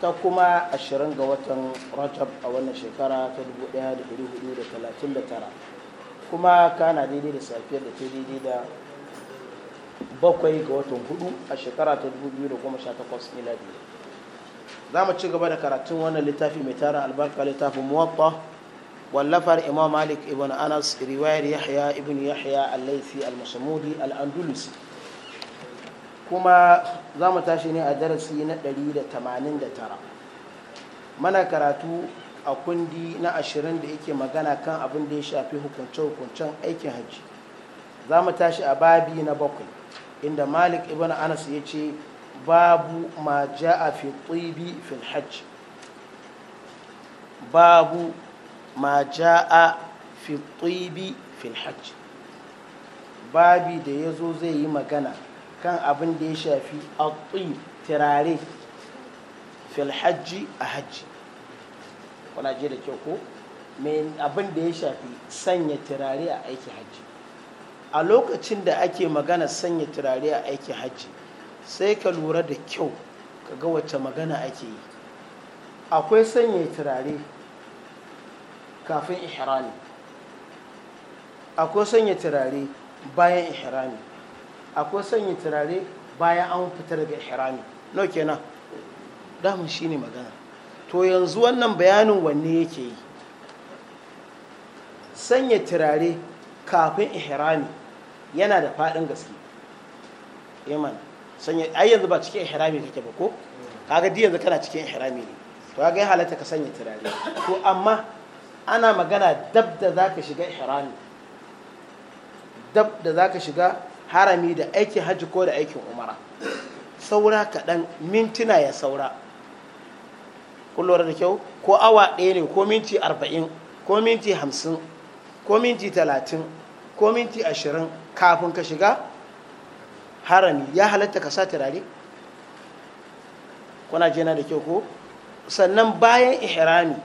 ta kuma 20 ga watan rajab a wannan shekara ta 1439 kuma kana daidai da safiyar da ta daidai da bakwai ga watan hudu a shekara ta 2018 miladi za mu ci gaba da karatun wannan littafi mai tara albarka littafin muwatta wallafar imam malik ibn anas riwayar yahya ibn yahya al-laisi al andulusi. al-andalusi kuma za mu tashi ne a darasi na 189 mana karatu a kundi na 20 da yake magana kan abin da ya shafi hukunce-hukuncen aikin hajji za mu tashi a babi na bakwai inda malik ibn anas ya ce babu ma ja'a fi tsibi fil hajji babu ma ja'a fi tsibi fil hajji babi da ya zo zai yi magana kan abin da ya shafi atsi tirare filhajji a hajji kuna je da kyau ko abin da ya shafi sanya tirare a aiki hajji a lokacin da ake magana sanya turare a aiki hajji sai ka lura da kyau ka ga wacce magana ake yi akwai sanya turare kafin ihrami akwai sanya turare bayan ihrami akwai sanya turare bayan an fita daga ihrami no kenan damun shine magana to yanzu wannan bayanin wanne yake yi sanya turare kafin ihrami yana da faɗin gaske yaman eh sanya ai yanzu ba cikin ihrami kake ba ko kaga di yanzu kana cikin ihrami ne to kaga ya halatta ka sanya turare to amma ana magana dab da zaka shiga ihrami dab da zaka shiga harami da aikin hajji ko da aikin umara saura kaɗan mintuna ya saura kullum da kyau ko awa ɗaya ne ko minti arba'in ko minti hamsin ko minti talatin ko minti ashirin kafin ka shiga harami ya halatta ka sa turare kuna jina da kyau ko sannan bayan ihrami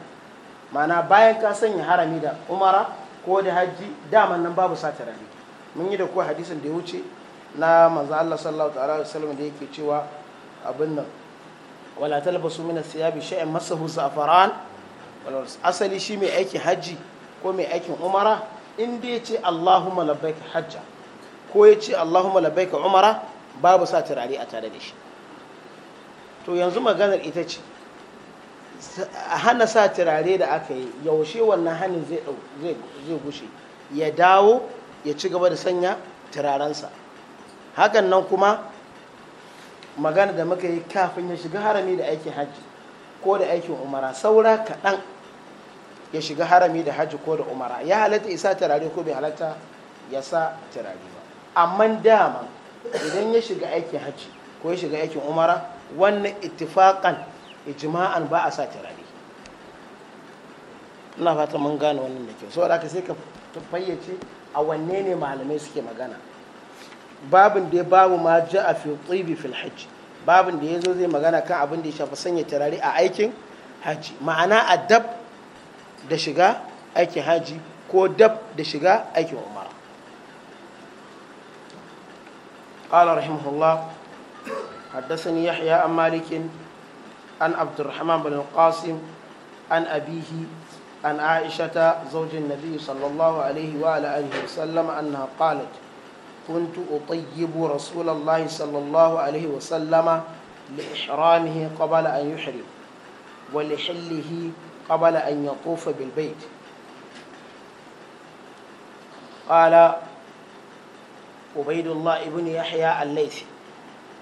mana bayan ka sanya harami da umara ko da hajji daman nan babu sa turare mun yi da kuwa hadisin da ya wuce na manzan Allah sallallahu ta'ala wa wasallam da yake cewa abin nan wala talbasu min as-siyabi shay'an masahu safaran asali shi mai aikin hajji ko mai aikin umara inda dai ya ce Allahumma ka hajja ko ya ce Allahumma ka umara babu sa turare a tare da shi to yanzu maganar ita ce hana sa turare da aka yi yaushe wannan hannun zai gushe ya dawo ya ci gaba da sanya turarensa hakan nan kuma magana da muka yi kafin ya shiga harami da aikin hajji ko da aikin umara saura kaɗan ya shiga harami da hajji ko da umara ya halatta isa turare ko bai halatta ya sa turare ba amma dama idan ya shiga aikin hajji ko ya shiga aikin umara wannan ittifaqan ijma'an ba a sa turare ina fata mun gane wannan da kyau saboda ka sai ka fayyace a wanne ne malamai suke magana babin da babu ma ja a fi fil hajji babin da ya zo zai magana kan abin da ya shafi sanya turare a aikin haji ma'ana a dab da shiga aikin haji ko dab da shiga aikin umara قال رحمه الله حدثني يحيى عن مالك عن عبد الرحمن بن القاسم عن أبيه عن عائشة زوج النبي صلى الله عليه وعلى آله وسلم أنها قالت كنت أطيب رسول الله صلى الله عليه وسلم لإحرامه قبل أن يحرم ولحله قبل أن يطوف بالبيت قال عبيد الله ابن يحيى الليثي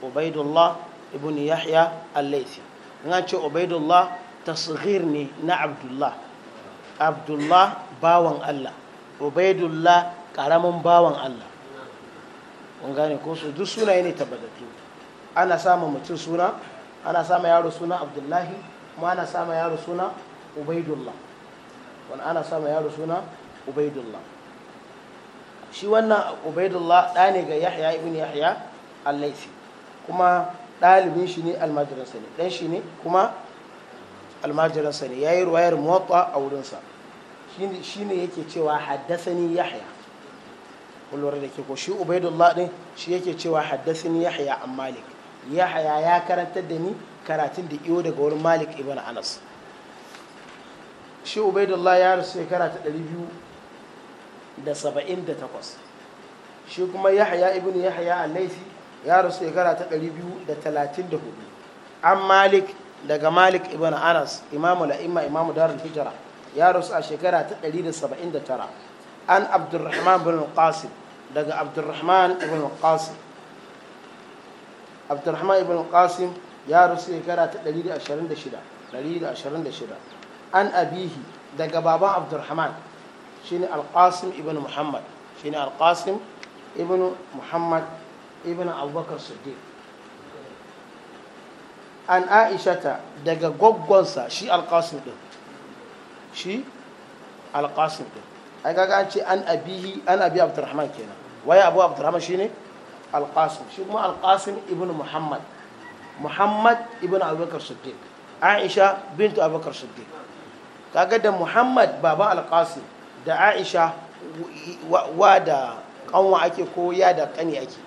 عبيد الله ابن يحيى الليثي نانشي نعم، عبيد الله تصغيرني نعبد الله abdullah bawan Allah ubaidullah karamin bawan Allah kun gane ko su duk sunaye ne tabbatattu ana sama mutum suna ana sama yaro suna abdullahi kuma ana sama yaro suna ubaidullah wani ana sama yaro suna ubaidullah shi wannan ubaidullah ɗa ne ga yahya ibn yahya allaisi kuma ɗalibin shi ne almajiransa ne ɗan shi ne kuma almajiransa ne ya yi ruwayar muwatta a wurinsa shi ne yake cewa haddasani yahya kullum da ke ko shi ubaidullah din shi yake cewa haddasani yahya a malik yahya ya karantar da ni karatun da iyo daga wurin malik ibn anas shi ubaidullah ya rasu ya karata ɗari biyu da saba'in da takwas, shi kuma yahya ibn yahya a laisi ya rasu ya karata ɗari biyu da talatin da hudu an malik daga malik ibn anas imamu la'imma imamu darul hijira ya rusu a shekara ta 179 an abdurrahman ibn qasim daga abdurrahman ibn qasim abdurrahman ibn qasim ya rasu shekara ta 126 an abihi daga baban abdurrahman shine alqasim ibn muhammad shine alqasim ibn muhammad ibn abubakar siddiq an aishata daga gwaggonsa shi alƙasin ɗin shi alƙasin ɗin ai kaga an ce an abihi an abi abdurrahman kenan waye abu abdurrahman ne alƙasim shi kuma alƙasim ibn muhammad muhammad ibn abubakar siddiq aisha bintu abubakar siddiq kaga da muhammad baban alƙasim da aisha wa da ƙanwa ake ko ya da ƙani ake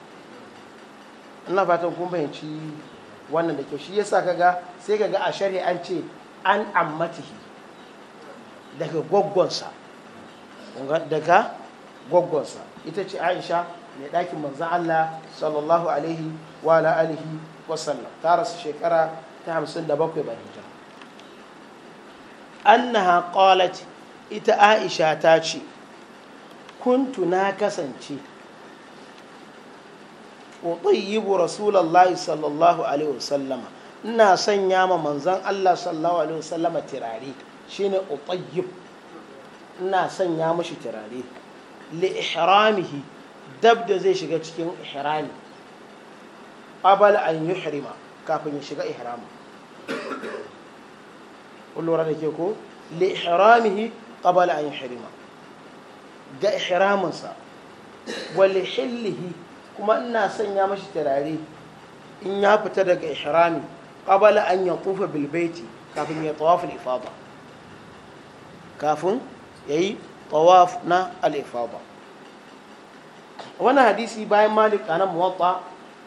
ina fatan kun fahimci wannan da kyau shi yasa kaga sai kaga a shari'a an ce an ammatihi daga gwaggonsa daga gwaggonsa ita ce aisha mai ɗakin manzan allah sallallahu alaihi wa la'alihi wasallam ta rasu shekara ta hamsin da bakwai ba hijira annaha qalat ita aisha ta ce kuntu na kasance utayyibu rasulullahi sallallahu alaihi wasallam ina son ma manzan Allah sallallahu alaihi wasallam tirare shine utayyib ina son sanya shi tirare li ihramihi dab da zai shiga cikin ihrami qabal an yi yuhrima kafin ya shiga ihrami kullura da ke ko li ihramihi qabal an yuhrima ga ihraminsa wa li hillihi kuma ina sanya mashi turare in ya fita daga ihrami qabala an yatufa bil baiti kafin ya tawaf al ifada kafin yayi tawaf na al ifada wannan hadisi bayan malik anan muwatta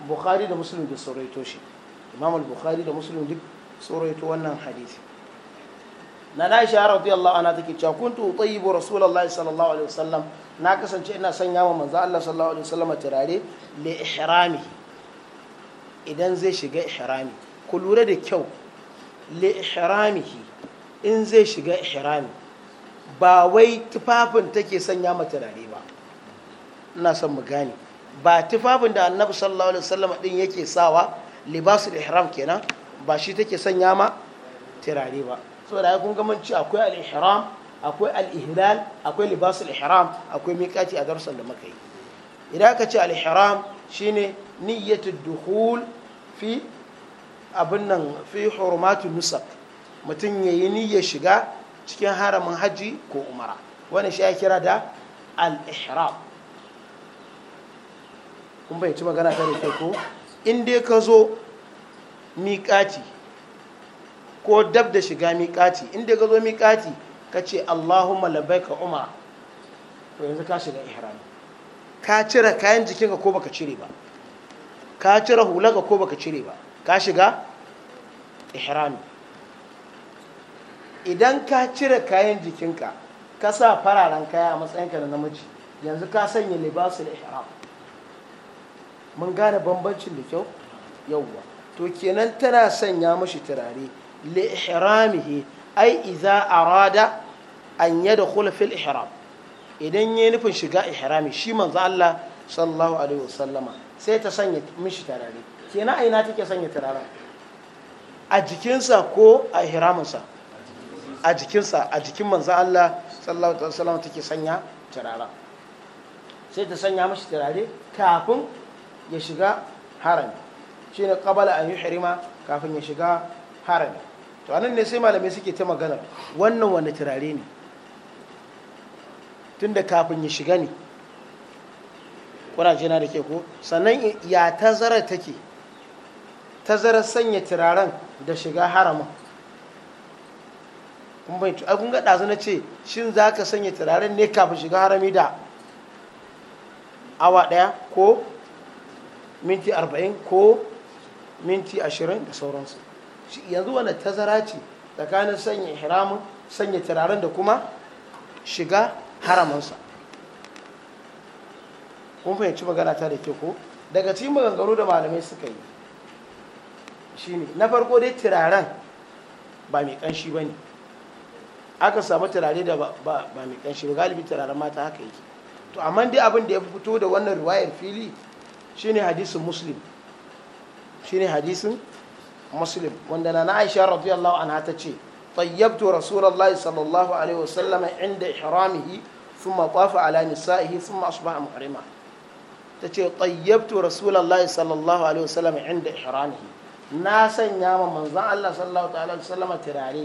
bukhari da muslim da shi imam al bukhari da muslim duk suraito wannan hadisi na Aisha radiyallahu ana take cewa kuntu tayyibu rasulullahi sallallahu alaihi wasallam na kasance ina sanya wa manzo Allah sallallahu alaihi wasallam turare li ihrami idan zai shiga ihrami ku lura da kyau li ihrami in zai shiga ihrami ba wai tufafin take sanya mata turare ba ina son mu gane ba tufafin da annabi sallallahu alaihi wasallam din yake sawa libasul ihram kenan ba shi take sanya ma turare ba saboda kun ga ci akwai al akwai al akwai libasul ihram akwai miƙaci a darsan da muka yi idan aka ce al-ihram shine niyyatu dukhul fi abin nan fi hurmatun nusab mutum yayi niyyar shiga cikin haramin haji ko umara wani shi ya kira da al-ihram bai ci magana ta ko in dai ka zo ko dab da shiga miƙati inda ga zo miƙati ka ce Allahumma ka umra to yanzu ka shiga ihrami ka cire kayan jikinka ko baka cire ba ka cire hulaka ko baka cire ba ka shiga ihrami idan ka cire kayan jikinka ka sa fararen kaya a matsayinka na namiji yanzu ka sanya libasul ihram mun gane bambancin da kyau yauwa to kenan tana sanya mashi turare لإحرامه أي إذا أراد أن يدخل في الإحرام إذن ينفن شقاء إحرامي شي من الله صلى الله عليه وسلم سيتسنيت مش تراري كينا أين تكي سنية تراري أجكنسا كو إحرامنسا أجكنسا أجكن من الله صلى الله عليه وسلم تكي سنية تراري سيتسنية مش تراري كافن يشقاء harami shine qabala an yuhrima kafin ya shiga harami to anan ne sai malamai suke ta magana wannan wani turare ne tunda kafin ya shiga ne kuraje da ke ko sannan ya tazara take tazara sanya turaren da shiga haramun kun bai tu abin ga ɗazu na ce shin za ka sanya turaren ne kafin shiga harami da awa ɗaya ko minti arba'in ko minti ashirin da sauransu yanzu wani tazara ce tsakanin sanya ihramin sanya turaren da kuma shiga haramansa kun fahimci magana ta da ke ko daga cikin maganganu da malamai suka yi shine na farko dai turaren ba mai kanshi ba ne aka samu turare da ba mai kanshi ba galibi turaren mata haka yake to amma dai abin da ya fito da wannan riwayar fili shine hadisin muslim shine hadisin muslim wanda na aisha radiyallahu anha ta ce tayyabtu rasulullahi sallallahu alaihi wasallama inda ihramihi thumma tafa ala nisa'ihi thumma asbaha muhrima ce tayyabtu rasulullahi sallallahu alaihi wasallama inda ihramihi na sanya ma manzon Allah sallallahu ta'ala alaihi wasallama tirare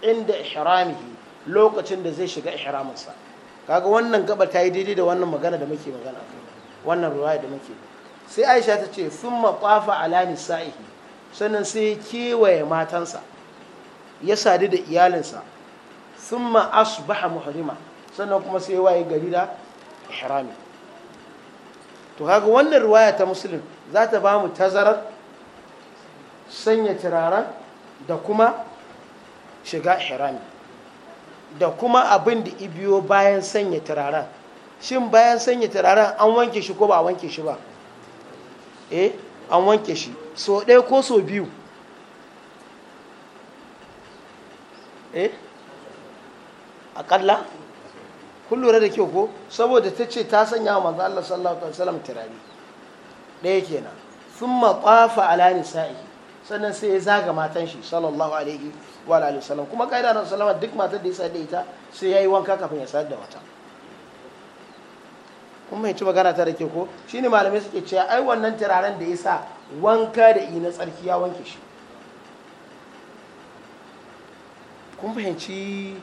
inda ihramihi lokacin da zai shiga ihraminsa kaga wannan gaba ta yi daidai da wannan magana da muke magana wannan ruwaya da muke sai Aisha ta ce thumma tafa ala nisa'ihi sannan sai ya kewaye matansa ya sadu da iyalinsa sun baha muhrima sannan kuma sai waye gari da ihrami to haka wannan ruwaya ta musulun za ta ba mu tazarar sanya turaren da kuma shiga ihrami da kuma abin da ibiyo bayan sanya turaren shin bayan sanya turaren an wanke shi ko ba a wanke shi ba eh an wanke shi so ɗaya ko so biyu eh akalla kun lura da kyau ko saboda ta ce ta sanya wa manzo Allah sallallahu alaihi wasallam turare ɗaya kenan sun tafa ala nisa'i sannan sai ya zaga matan shi sallallahu alaihi wa alihi wasallam kuma kaida na duk matan da ya sa da ita sai yayi wanka kafin ya sayar da wata kun bai ci magana ta da ke ko shi ne malamai suke cewa ai wannan turaren da ya sa wanka da ina tsarki ya wanke shi kun fahimci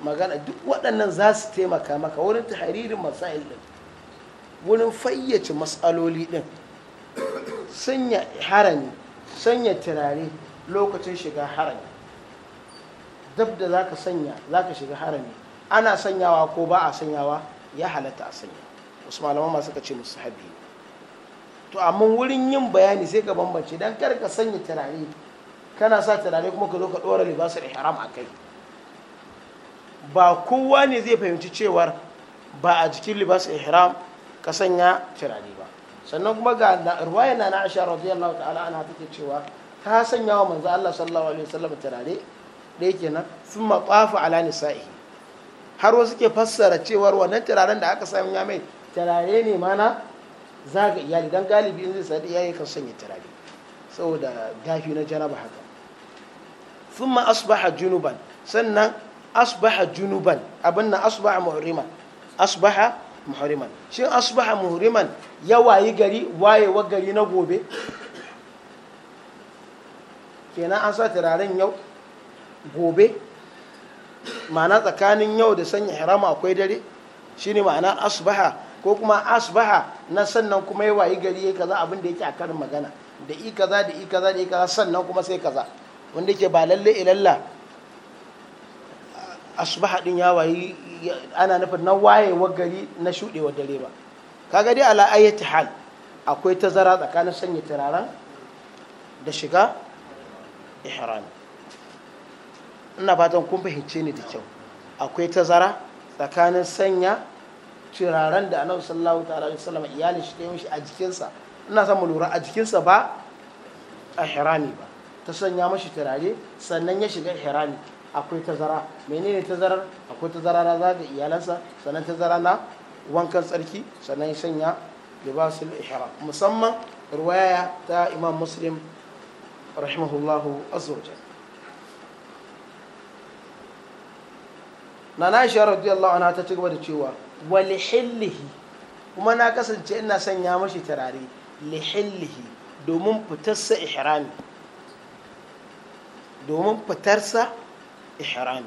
magana duk waɗannan za su taimaka maka wurin taharirin masail ɗin wurin fayyace matsaloli ɗin sanya harami sanya turare lokacin shiga harami dab da za ka sanya za ka shiga harami ana sanyawa ko ba a sanyawa ya halatta a sanya wasu malaman masu ka ce musu habi to amma wurin yin bayani sai ka bambance dan kar ka sanya turare kana sa turare kuma ka zo ka dora libasul ihram a kai ba kowa ne zai fahimci cewar ba a jikin libasul ihram ka sanya turare ba sannan kuma ga ruwaya na Aisha radiyallahu ta'ala anha take cewa ta sanya wa manzo Allah sallallahu alaihi wasallam turare yake nan sun maƙwafa ala nisa'i har wasu ke fassara cewar wannan turaren da aka sanya mai turare ne mana zaga iyali don galibi in zai sadu iyali kan sanya turare saboda dafi na jaraba haka thumma asbaha junuban sannan asbaha junuban abin na asbaha muhriman asbaha muhriman shin asbaha muhriman ya wayi gari wayewa gari na gobe kenan an sa turaren yau gobe ma'ana tsakanin yau da sanya harama akwai dare shine ma'ana asbaha ko kuma asbaha na sannan kuma ya wayi gari ya kaza abin da yake a karin magana da i kaza da i kaza da i kaza sannan kuma sai kaza wanda yake ba lalle ilalla asbaha din ya wayi ana nufin na wayewa gari na wa dare ba kaga dai ala ayati hal akwai tazara tsakanin sanya turaren da shiga ihram ina fatan kun fahimce ni da kyau akwai tazara tsakanin sanya ciraren da annabi sallallahu ta'ala alaihi wasallam iyalin shi mishi a jikinsa ina son mu lura a jikinsa ba a hirami ba ta sanya mashi turare sannan ya shiga hirami akwai tazara menene tazarar akwai tazara na zaga iyalansa sannan tazara na wankan tsarki sannan ya sanya libasul ihram musamman ruwaya ta imam muslim rahimahullahu azza na na isha radiyallahu anha ta ci gaba da cewa wa lihillihi kuma na kasance ina sanya mashi turare lihillihi domin fitarsa ihrami domin fitarsa ihrami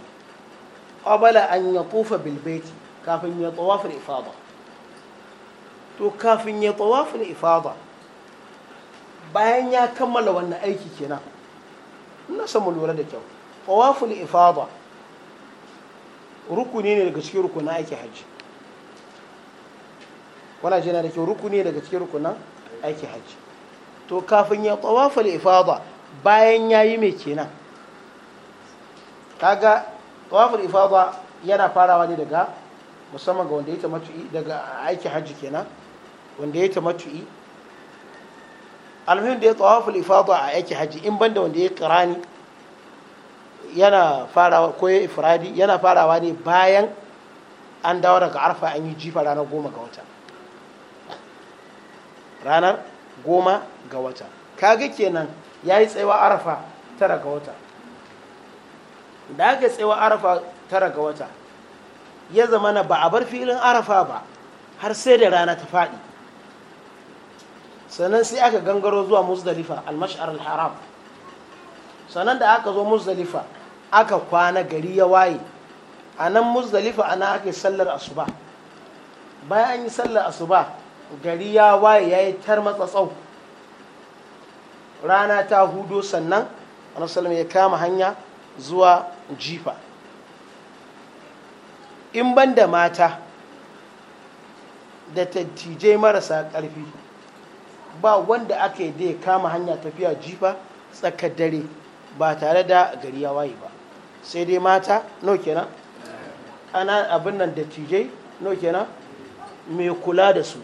qabala an yatufa bil bilbeti kafin ya tawafin ifada to kafin ya tawafin ifada bayan ya kammala wannan aiki kenan ina samu lura da kyau tawafin ifada rukuni ne daga cikin rukunin aiki hajji Wana jina da kyau rukuni daga cikin rukunan aiki hajji to kafin ya tawafa ifada bayan ya yi mai kenan kaga tawaful ifada yana farawa ne daga musamman ga wanda ya tamattu'i daga aiki hajji kenan wanda ya tamattu'i almuhim da ya tawaful ifada a aiki hajji in banda wanda ya kirani yana farawa ko ya ifradi yana farawa ne bayan an dawo daga arfa an yi jifa ranar goma ga wata ranar goma ga wata kaga kenan ya yi tsaiwa arafa tara ga wata da aka tsaiwa arafa tara ga wata ya zama na ba a bar filin arafa ba har sai da rana ta faɗi sannan sai aka gangaro zuwa musdalifa almashar al-haram sannan da aka zo musdalifa aka kwana gari ya waye a nan musdalifa ana ake sallar asuba bayan an yi sallar asuba gari ya waye ya yi tar matsatsau rana ta hudu sannan annabi ya kama hanya zuwa jifa in ban da mata da dattijai marasa ƙarfi ba wanda aka yi ya kama hanya tafiya jifa tsakar dare ba tare da gari ya waye ba sai dai mata no kenan ana abin nan dattijai no kenan mai kula da su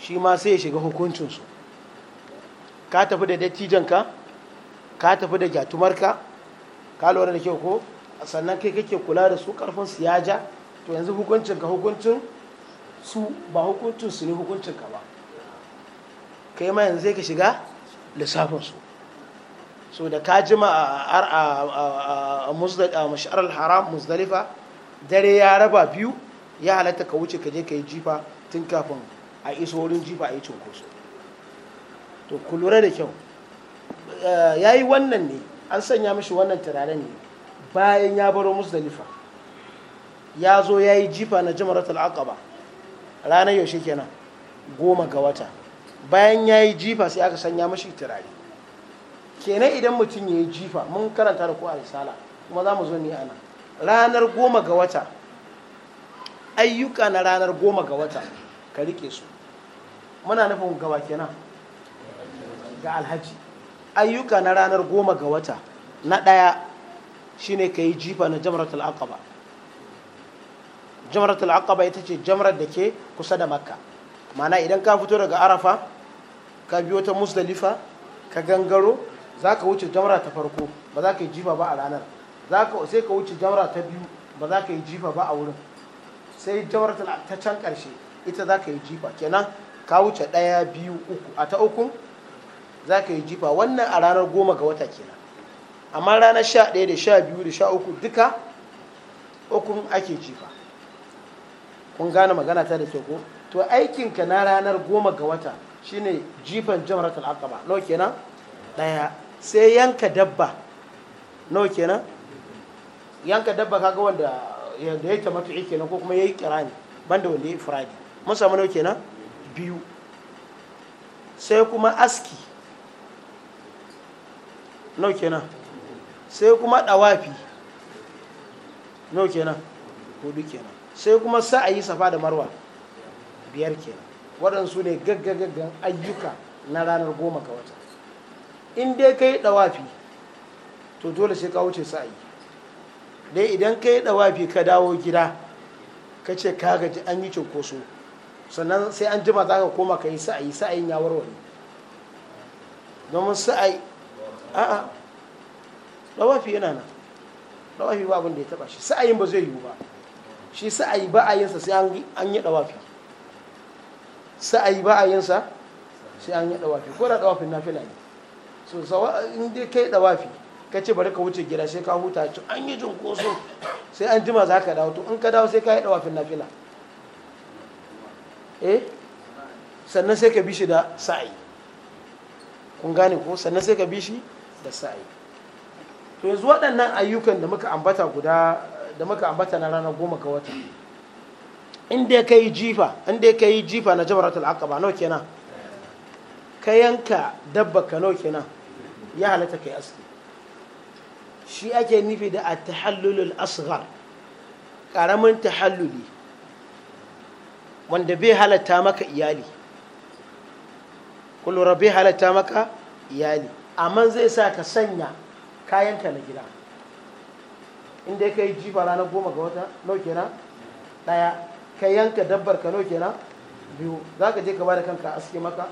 shi ma sai ya shiga hukuncinsu ka tafi da dattijanka ka tafi da gyatumarka ka lura da kyau ko sannan kai kake kula da su karfin su ya ja to yanzu hukuncinka hukuncin su ba hukuncin su ne hukuncinka ba kai ma yanzu sai ka shiga lissafinsu so da ka jima a mashi'ar haram musdalifa dare ya raba biyu ya halatta ka wuce ka je ka yi jifa tun kafin a iso wurin jifa a yi cunkoso to ku da kyau eh, ya yi wannan ne an sanya mishi wannan turaren ne bayan ya baro musdalifa ya zo ya yi jifa na jimaratul aqaba ranar yaushe kenan goma ga wata bayan ya yi jifa sai aka sanya mashi turare kenan idan mutum ya yi jifa mun karanta da ku a risala kuma za mu zo ni ana ranar goma ga wata ayyuka na ranar goma ga wata ka rike su muna nufin gaba kenan ga alhaji ayyuka na ranar goma ga wata na ɗaya shine ka yi jifa na jamratul aqaba jamratul aqaba ita ce jamrar da ke kusa da makka mana idan ka fito daga arafa ka biyo ta musdalifa ka gangaro za ka wuce jamra ta farko ba za ka yi jifa ba a ranar sai ka wuce jamra ta biyu ba za ka yi jifa ba a wurin sai jamratul ta can ƙarshe ita za ka yi jifa kenan ka wuce ɗaya biyu uku a ta uku za ka yi jifa wannan a ranar goma ga wata kenan amma ranar sha ɗaya da sha biyu da sha uku duka ukun ake jifa kun gane magana ta da ke ko to aikinka na ranar goma ga wata shine jifan jamratul aqaba nawa kenan ɗaya sai yanka dabba nawa kenan yanka dabba kaga wanda yadda ya tamatu kenan ko kuma yayi kirani banda wanda ya firadi mun samu nau kenan biyu sai kuma aski nau kenan sai kuma dawafi nau kenan hudu kenan sai kuma sa'ayi safa da marwa biyar kenan waɗansu ne gaggagaggan ayyuka na ranar goma ka wata in dai ka yi ɗawafi to dole sai ka wuce sa'ayi dai idan ka yi ɗawafi ka dawo gida ka ce ka gaji an yi cunkoso sannan sai an jima za ka koma ka yi sa'ayi sa'ayin ya warware domin sa'ayi a'a dawafi yana nan dawafi ba abin da ya taba shi sa'ayin ba zai yiwu ba shi sa'ayi ba a yinsa sai an yi dawafi sa'ayi ba a yinsa sai an yi dawafi ko da na nafila ne so in dai kai dawafi ka ce bari ka wuce gida sai ka huta an yi jinkoso sai an jima za ka dawo to in ka dawo sai ka yi na fila. eh sannan sai ka bi shi da sa'i kun gane ko sannan sai ka bi shi da sa'i to yanzu waɗannan ayyukan da muka ambata guda da muka ambata na ranar goma ga wata inda ya kai jifa inda ya kai jifa na talaka ba nawa kenan ka yanka dabba ka nawa kenan ya halatta ka yi aski shi ake nufi da a tahallulul asghar karamin tahalluli wanda bai halatta maka iyali kullura bai halatta maka iyali amma zai sa ka sanya kayanka na gida inda ka yi jifa ranar goma ga wata nau na ɗaya ka yanka dabbar ka nau na biyu za ka je ka ba da kanka aske maka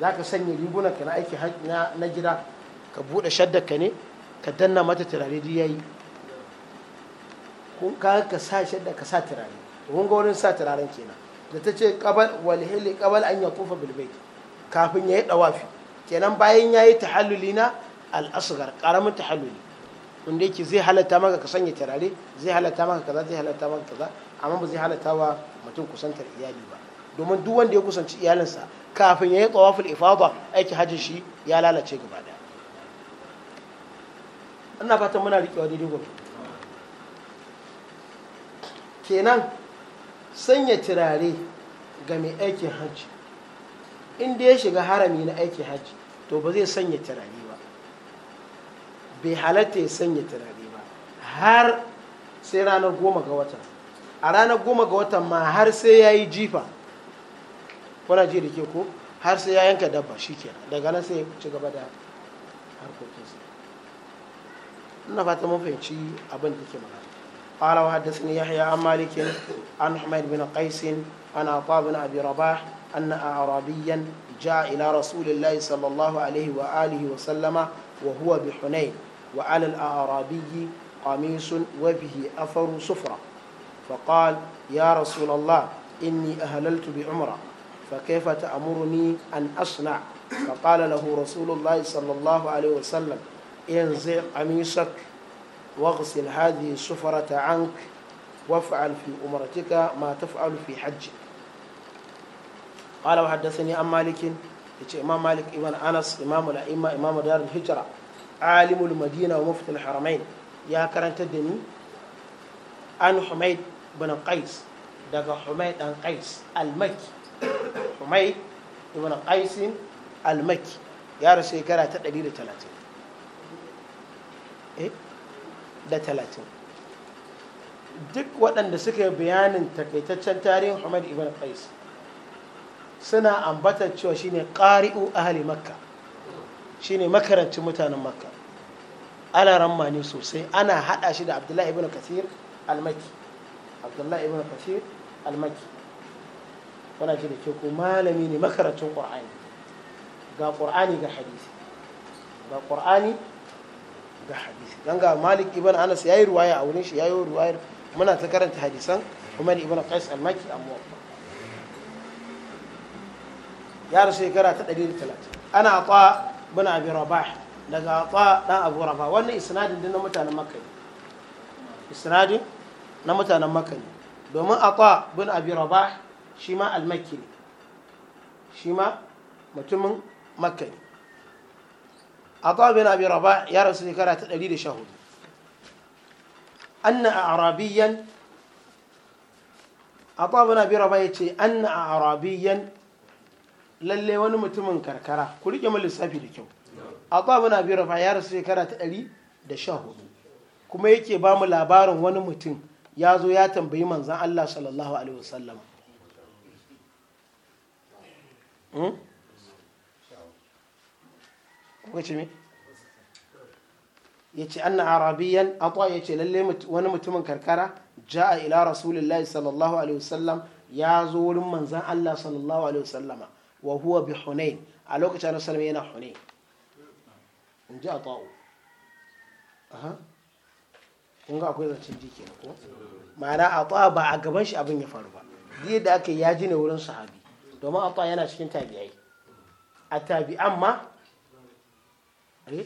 za ka sanya rigunan ka na aiki na gida ka buɗe shaddar ka ne ka danna mata turare duk yayi kun ka ka sa shaddar ka sa turare kun ga wurin sa turaren kenan da ta ce qabal wal an ya bil bait kafin yayi dawafi kenan bayan yayi tahalluli na al karamin tahalluli wanda yake zai halatta maka ka sanya turare zai halatta maka kaza zai halatta maka kaza amma ba zai halatta wa mutum kusantar iyali ba domin duk wanda ya kusanci iyalinsa kafin ya yi tsawaful ifada aiki hajji shi ya lalace gaba daya ina fatan muna riƙewa daidai gobe kenan sanya turare ga mai aikin hajji in inda ya shiga harami na aikin hajji to ba zai sanya turare ba bai halatta ya sanya turare ba har sai ranar goma ga watan a ranar goma ga watan ma har sai ya yi jifa kuna ji da ke ko har sai ya yanka dabba shi ke daga nan sai ya ci gaba da harkokinsa ina fata mun fahimci abin da ke magana قال وحدثني يحيى عن مالك عن حميد بن قيس عن عطاء بن ابي رباح ان اعرابيا جاء الى رسول الله صلى الله عليه واله وسلم وهو بحنين وعلى الاعرابي قميص وبه اثر صفره فقال يا رسول الله اني اهللت بعمره فكيف تامرني ان اصنع فقال له رسول الله صلى الله عليه وسلم انزع قميصك واغسل هذه السفرة عنك وافعل في أمرتك ما تفعل في حجك قال وحدثني عن مالك إمام مالك إمام أنس إمام الأئمة إمام دار الهجرة عالم المدينة ومفتي الحرمين يا كرنت الدني عن حميد بن قيس دقى حميد بن قيس المكي حميد بن قيس المكي يا رسول كرة تدليل 30 da talatin duk waɗanda suka yi bayanin takaitaccen tarihin Hamad ibn Qais suna ambatar cewa shine qari'u ahli makka shine makarancin mutanen makka ana ramani sosai ana hada shi da abdullahi ibn kathir al-makki abdullahi ibn kathir al-makki wana shi da ke ko malami ne makarancin qur'ani ga qur'ani ga hadisi ga qur'ani ga hadisi don ga malik ibn anas ya yi ruwaya a wurin shi ya yi ruwaya muna ta karanta hadisan umar ibn qais al-maki a muwaffa ya rasu shekara ta 130 ana ata bin abi rabah daga ata dan abu rabah wannan isnadin din na mutanen makka ne isnadin na mutanen makka ne domin ata bin abi rabah shi ma al maki ne shi ma mutumin makka ne عطاء بن أبي رباح يا رسول الله a شهود أن أعرابيا عطاء بن أبي رباح a أعرابيا lalle wani mutumin karkara ku riƙe mu lissafi da kyau Abba bin Abi Rafa ya rasu shekara ta ɗari da sha hudu kuma yake ba mu labarin wani mutum ya zo ya tambayi manzan Allah sallallahu alaihi wasallam kuka me ya ce anna arabiyan atwa ya ce lalle wani mutumin karkara ja a ila rasulillahi sallallahu alaihi wasallam ya zo wurin manzan Allah sallallahu alaihi wasallama wa huwa bi hunain a lokacin annabi salama yana hunain in ji atwa'u aha kun ga akwai zancen jiki na ko ma'ana atwa ba a gaban shi abin ya faru ba diya da aka yi ya ji ne wurin sahabi domin atwa yana cikin tabi'ai a tabi'an ma Eh?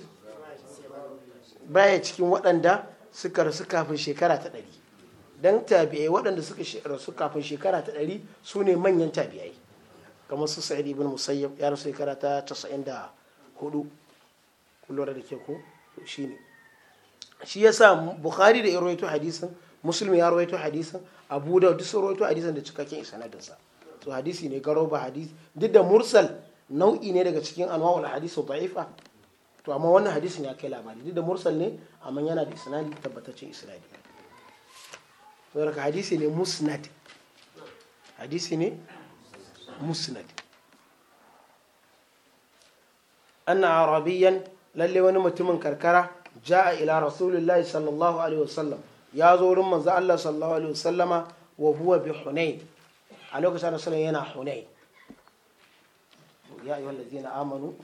baya cikin waɗanda suka rasu kafin shekara ta ɗari don tabi'ai waɗanda suka rasu kafin shekara ta ɗari su ne manyan tabi'ai kamar su sa'id ibn musayyab ya rasu shekara ta casa'in da hudu kullum da ke ko shi ne shi ya sa bukhari da ya rawaito hadisin musulmi ya rawaito hadisin abu da duk sun rawaito hadisin da cikakken isanadinsa to hadisi ne garo ba hadisi duk da mursal nau'i ne daga cikin anwa'ul hadisi da'ifa to amma wannan hadisin ya kai labari duk da mursal ne amma yana da isnadi tabbataccen isnadi saboda hadisi ne musnad hadisi ne musnad anna arabiyan lalle wani mutumin karkara ja'a ila rasulullahi sallallahu alaihi wasallam ya zo wurin manzo Allah sallallahu alaihi wasallama wa huwa bi hunain a lokacin rasulun yana hunain ya ayyuhallazina amanu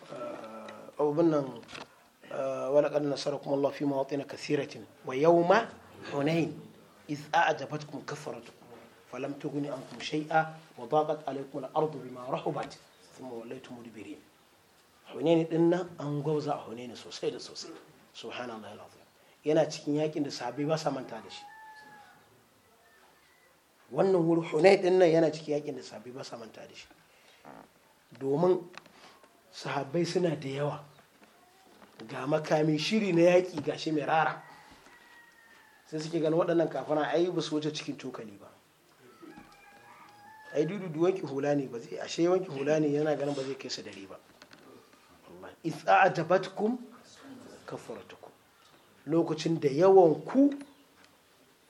abin nan walaƙar nasara kuma Allah fi mawaƙi na kasiratin wa yau ma hunain iz a ajabat kum kafaratu falam tuguni an kum shai'a wa daqat alaykum al-ardu bima rahubat thumma wallaytum biri hunain din nan an gwauza a hunain sosai da sosai subhanallahi alazim yana cikin yakin da sahabbai ba sa manta da shi wannan wuri hunain din nan yana cikin yakin da sahabbai ba sa manta da shi domin sahabbai suna da yawa ga makami shiri na yaƙi ga shi mai rara sai suke ganin waɗannan kafana ai ba su wuce cikin cokali ba ai dudu wanki hula ne ba zai ashe wanki hula ne yana ganin ba zai kai su dare ba itsa a tabatkum kafaratukum lokacin da yawan ku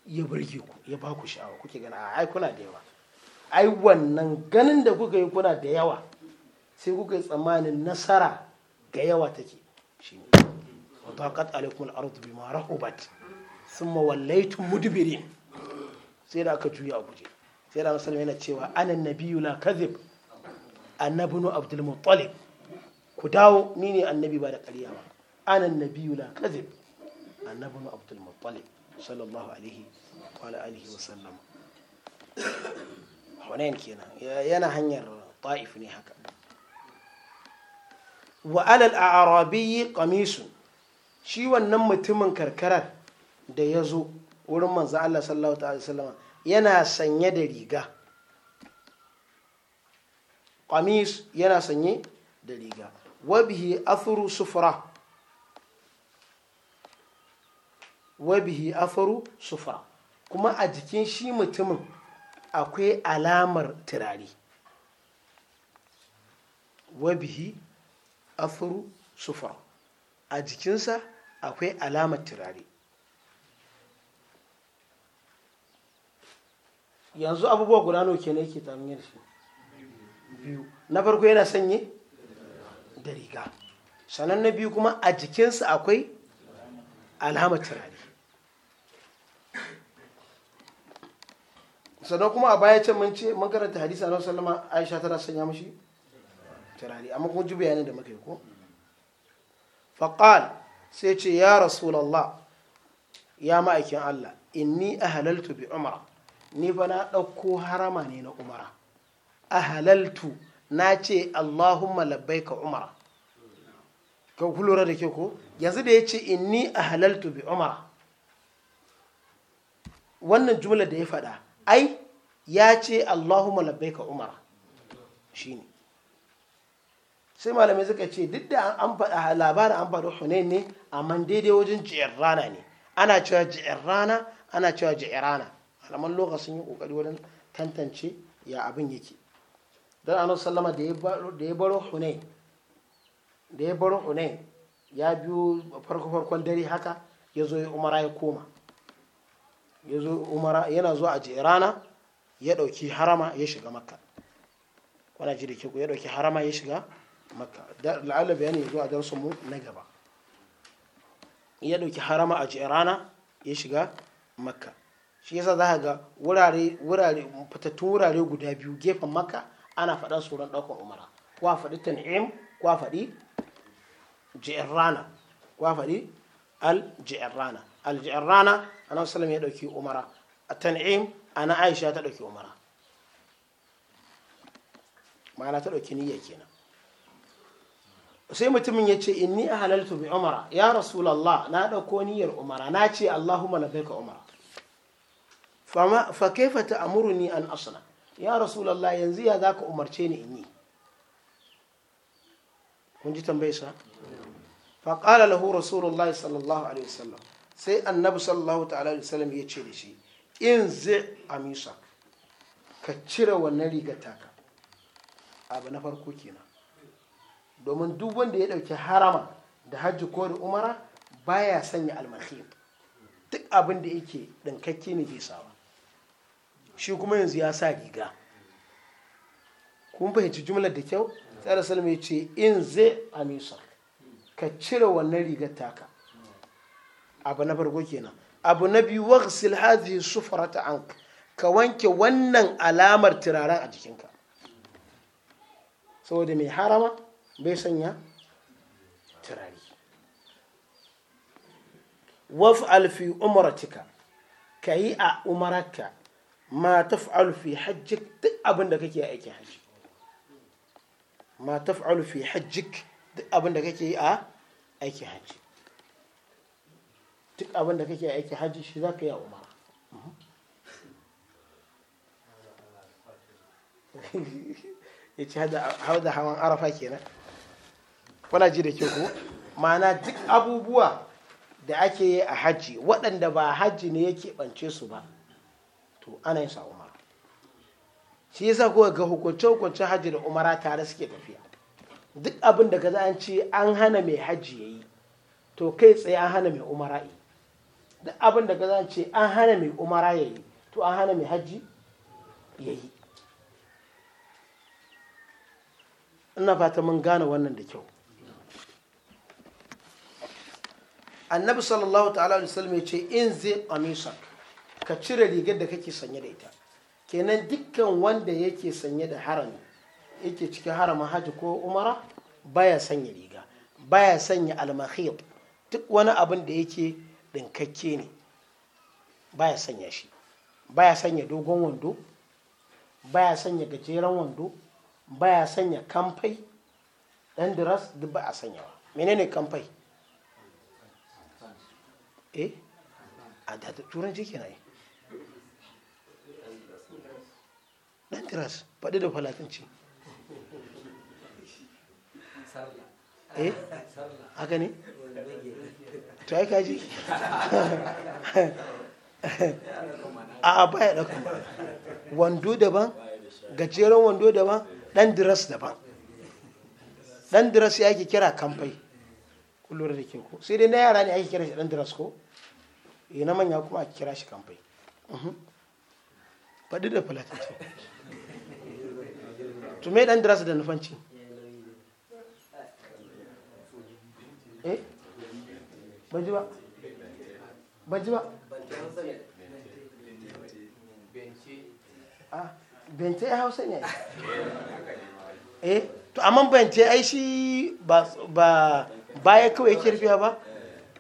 ya burge ku ya ba ku sha'awa kuke gana ai kuna da yawa ai wannan ganin da kuka yi kuna da yawa sai kuka yi tsammanin nasara ga yawa take ne wa taqat alaikun al bi bima rahubat thumma wallaytum mudbirin sai da aka juya a guje sai da musulmi yana cewa ana na la kadhib annabinu abdul muttalib ku dawo ni ne annabi ba da ƙarya ba ana nabiyyu la kadhib annabinu abdul muttalib sallallahu alaihi wa alihi wa sallam hunain kenan yana hanyar ta'if ne haka wa alal a'arabiyyi qamisun shi wannan mutumin karkarar da ya zo wurin manzo Allah sallallahu alaihi wasallam yana sanye da riga qamis yana sanye da riga wabihi athuru sufra bihi athuru sufra kuma a jikin shi mutumin akwai alamar turare wabihi Afuru sufar a jikinsa akwai alamar turare yanzu abubuwa guda nawa kenan yake tamiya shi biyu na farko yana sanye da riga sannan na biyu kuma a jikinsa akwai alamar turare sannan kuma a baya ce mun ce mun karanta hadisa a sallama aisha tana sanya mashi turare amma kuma ji bayanin da muka yi ko faqal sai ce ya rasulullah ya ma'aikin Allah inni ahalaltu bi umra ni fa na dauko harama ne na umara ahalaltu na ce Allahumma labbaika umara ka kulura da ke ko yanzu da ya ce inni ahalaltu bi umara wannan jumla da ya faɗa ai ya ce Allahumma labbaika umara shine sai malamai suka ce duk da an faɗa labarin an faɗa hunain ne amma daidai wajen ji'ir rana ne ana cewa ji'ir rana ana cewa ji'ir rana alaman lokacin sun yi kokari wajen tantance ya abin yake don anu sallama da ya baro hunain da ya baro hunain ya biyo farko farkon dare haka ya zo ya umara ya koma ya zo umara yana zuwa a ji'ir rana ya ɗauki harama ya shiga makka wana ji da ke ya ɗauki harama ya shiga maka la'alla bayani ya zo a darsun mu na gaba ya dauki harama a rana ya shiga makka shi yasa za ga wurare wurare fitattun wurare guda biyu gefen makka ana faɗa suran ɗaukar umara kuwa faɗi tan'im ko faɗi ji'ar rana kuwa faɗi al rana al rana ana salam ya ɗauki umara a tan'im ana aisha ta ɗauki umara ma'ana ta ɗauki niyya kenan sai mutumin ya ce inni a halaltu bi umara ya rasulallah na ɗauko niyyar umara na ce allahumma labbaika umara fa kaifa ta'muruni an asna ya rasulallah yanzu ya zaka umarce ni in yi kun ji tambaye fa qala lahu rasulullahi sallallahu alaihi wasallam sai annabi sallallahu ta'ala alaihi wasallam ya ce da shi in zi amisa ka cire wannan riga taka abu na farko kenan domin duk wanda ya dauki harama da hajji ko da umara baya sanya almarhi duk abin da yake ɗinkakke ne bai sawa shi kuma yanzu ya sa riga kun fahimci jumlar da kyau tsara salma ya ce in zai amisa ka cire wannan rigar taka abu na farko kenan abu na biyu waghsil hadhihi sufrata an ka wanke wannan alamar turaren a jikinka saboda mai harama bai sanya turari waf alfi umaratika ka yi a umararka ma taf'alu fi hajjik duk abin da kake hajji ma taf'alu fi hajjik duk abin da kake a aikin hajji duk abin da kake aiki hajji shi za ka yi a umara ya ci hada hawan arafa kenan kuna ji da ke ko ma'ana duk abubuwa da ake yi a hajji waɗanda ba hajji ne yake ɓance su ba to ana yin sa umara shi yasa kuka ga hukunce hukunce hajji da umara tare suke tafiya duk abin da kaza an ce an hana mai hajji yi to kai tsaye an hana mai umara yi duk abin da kaza an ce an hana mai umara yi to an hana mai hajji yi ina fata mun gane wannan da kyau annabi sallallahu ta'ala wasallam ya ce in zai amisa ka cire rigar da kake sanye da ita kenan dukkan wanda yake sanye da harami yake cikin harama hajji ko umara baya sanya riga baya sanya almahid duk wani abin da yake dinkakke ne baya sanya shi baya sanya dogon wando baya sanya gajeren wando baya sanya kamfai ɗan diras duk ba a sanyawa menene kamfai eh a da turanci kenan dan tiras faɗi da falatanci eh haka ne to ai kaji a a baya ɗaukan wando daban gajeren wando daban ɗan diras daban ɗan diras ya ke kira kamfai kullum da ke ku sai dai na yara ne ake kira shi ɗan diras ko eh na manya kuma a kira shi kamfai mhm. faɗi da fulatanci to me ɗan dirasa da nufanci eh ban ji ba ban ji ba ah, bence ya hausa ne eh to amma bence ai shi ba ba ya kawai yake rufiya ba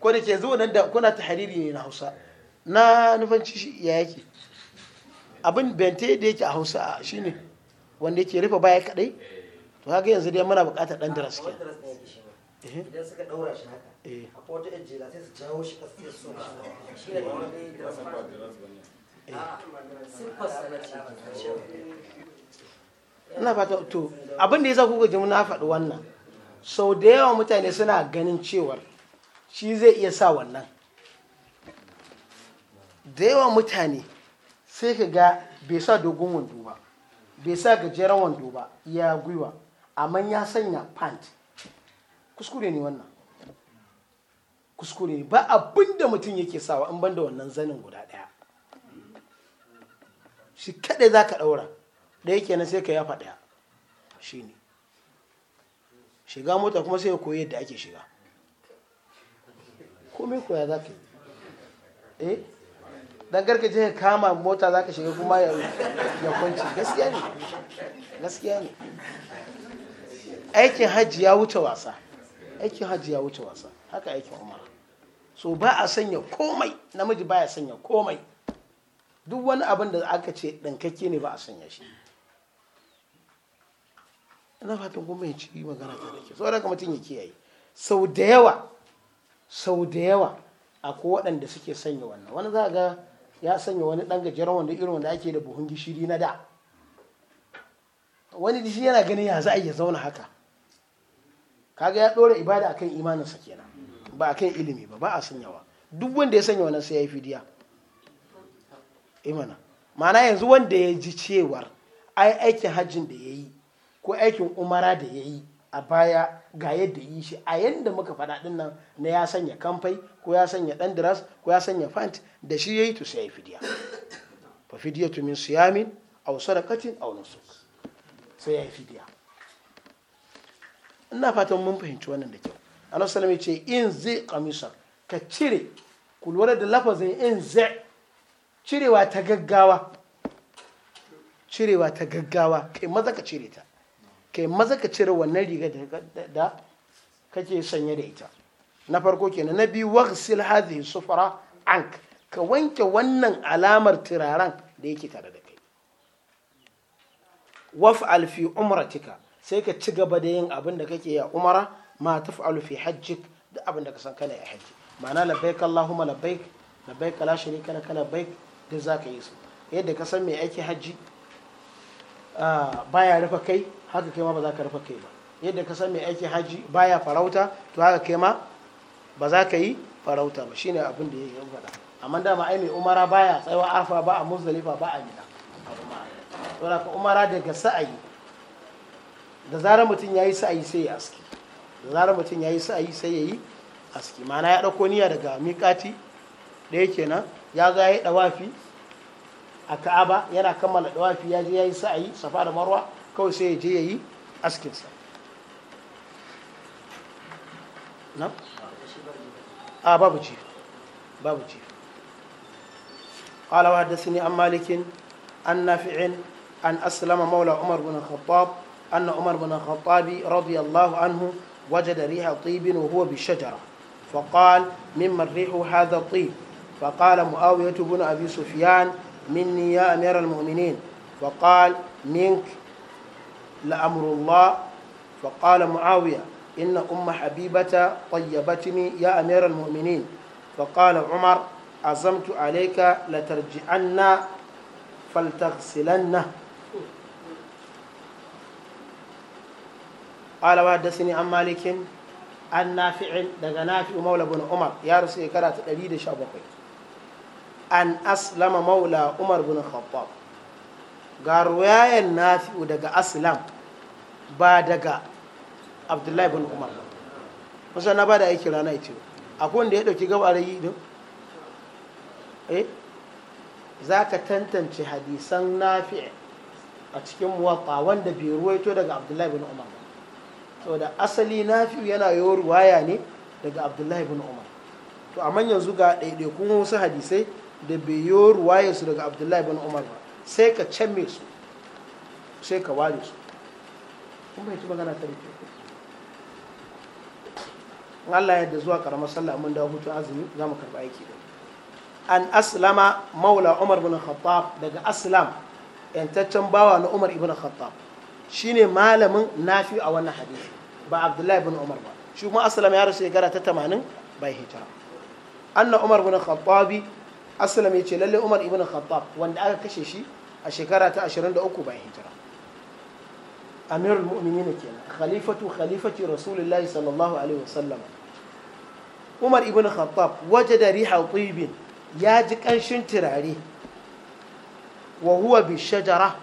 ko da ke yanzu wannan da kuna tahariri ne na Hausa na nufanci shi ya yake abin bente da yake a Hausa shine wanda yake rufe baya kadai to haka yanzu dai muna bukatar dan daras ke idan suka daura shi haka eh. a wata ejjela sai su jawo shi kasance su eh. ah, shi ne ina fata to abin da ya za ku gaji muna faɗi wannan sau da yawa mutane suna ganin cewar shi zai iya sa wannan da yawa mutane sai ka ga bai sa dogon wando ba bai sa gajeren wando ba ya gwiwa amma ya sanya pant kuskure ne wannan kuskure ba abin mutum yake sawa in banda wannan zanin guda ɗaya shi kaɗai za ka ɗaura ɗaya nan sai ka yafa ɗaya shi ne shiga mota kuma sai ya koyi yadda ake shiga komai koya za ka yi eh dan garka je kama mota za ka shiga kuma ya kwanci gaskiya ne gaskiya ne aikin hajji ya wuce wasa aikin hajji ya wuce wasa haka aikin umar so ba a sanya komai namiji ba ya sanya komai duk wani abin da aka ce ɗankakke ne ba a sanya shi ina fatan kuma ya ci magana ta da ke saboda mutum ya kiyaye sau da yawa sau da yawa a ko waɗanda suke sanya wannan wani za ga ya sanya wani ɗan gajeren wanda irin wanda ake da buhun gishiri na da wani dishi yana ganin ya za a iya zauna haka kaga ya ɗora ibada akan imaninsa kenan ba akan ilimi ba ba a sanyawa duk wanda ya sanya wannan sai ya yi fidiya imana eh ma'ana yanzu wanda ya ji cewar ai aikin hajjin da ya yi ko aikin umara da ya yi a baya ga yadda yi shi a yadda muka faɗa ɗin nan na ya sanya kamfai ko ya sanya ɗan diras ko ya sanya fant da shi ya yi to sai ya fidiya fa fidiya tu min siyamin aw a wani nusuk sai ya yi fidiya ina fatan mun fahimci wannan da kyau Allah sallama ya ce in zai kamisa ka cire ku da lafazin in zai cirewa ta gaggawa cirewa ta gaggawa kai maza ka cire ta kai maza ka cire wannan riga da kake sanye da ita na farko kenan na biyu waghsil hadhihi sufra ank ka wanke wannan alamar turaren da yake tare da kai waf fi umratika sai ka ci gaba da yin abin da kake ya umara ma taf'alu fi hajjik duk abin da ka san kana ya hajji ma'ana labbaik allahumma labbaik labbaik la sharika lak labbaik duk zaka yi su yadda ka san me ake hajji baya rufa kai haka kai ma ba za ka rufa kai ba yadda ka san mai aiki haji baya farauta to haka kai ma ba za ka yi farauta ba shine abin da ya yi faɗa amma dama ai mai umara baya tsayawa arfa ba a muzdalifa ba a mina saboda ka umara daga sa'ayi da zarar mutum ya yi sa'ayi sai ya aski da zarar mutum ya yi sa'ayi sai ya yi aski ma'ana ya dauko niyya daga miƙati da yake nan ya ga ya yi dawafi. a ka'aba yana kammala في ya je ya yi sa'ayi safa da marwa kawai sai ya je ya yi askinsa na? قال وحدثني عن مالك عن نافع أن أسلم مولى عمر بن الخطاب أن عمر بن الخطاب رضي الله عنه وجد ريح طيب وهو بالشجرة فقال مما الريح هذا الطيب فقال معاوية بن أبي سفيان مني يا أمير المؤمنين فقال منك لأمر الله فقال معاوية إن أم حبيبة طيبتني يا أمير المؤمنين فقال عمر عزمت عليك لترجعن فلتغسلنه قال وحدثني عن مالك عن نافع دغ نافع مولى بن عمر يا رسول كرات 117 an aslama maula umar bin khattab ga ruwayan nafi'u daga aslam ba daga abdullahi bin umar ba musa na ba da aiki rana ce akwai wanda ya dauki gabar da yi din eh za ka tantance hadisan nafi'a a cikin muwaƙa wanda bai ruwaito daga abdullahi bin umar ba da asali nafi'u yana yi ruwaya ne daga abdullahi bin umar to amma yanzu ga ɗaiɗaikun wasu hadisai da bai yi su daga abdullahi bin umar ba sai ka canme su sai ka ware su kuma bai ci magana ta rike Allah yadda zuwa karamar sallah mun dawo hutu azumi za mu karɓi aiki da an aslama maula umar bin khattab daga aslam yantaccen bawa na umar ibn khattab shine malamin nafi a wannan hadisi ba abdullahi bin umar ba shi kuma aslam ya rasu shekara ta 80 bai hijira anna umar bin khattabi aslam ya ce lalle umar ibn khattab wanda aka kashe shi a shekara ta 23 bayan hijira amirul mu'minin kenan khalifatu khalifati rasulullahi sallallahu alaihi wasallam umar ibn khattab wajada riha tibin ya ji kanshin turare wa huwa bi shajara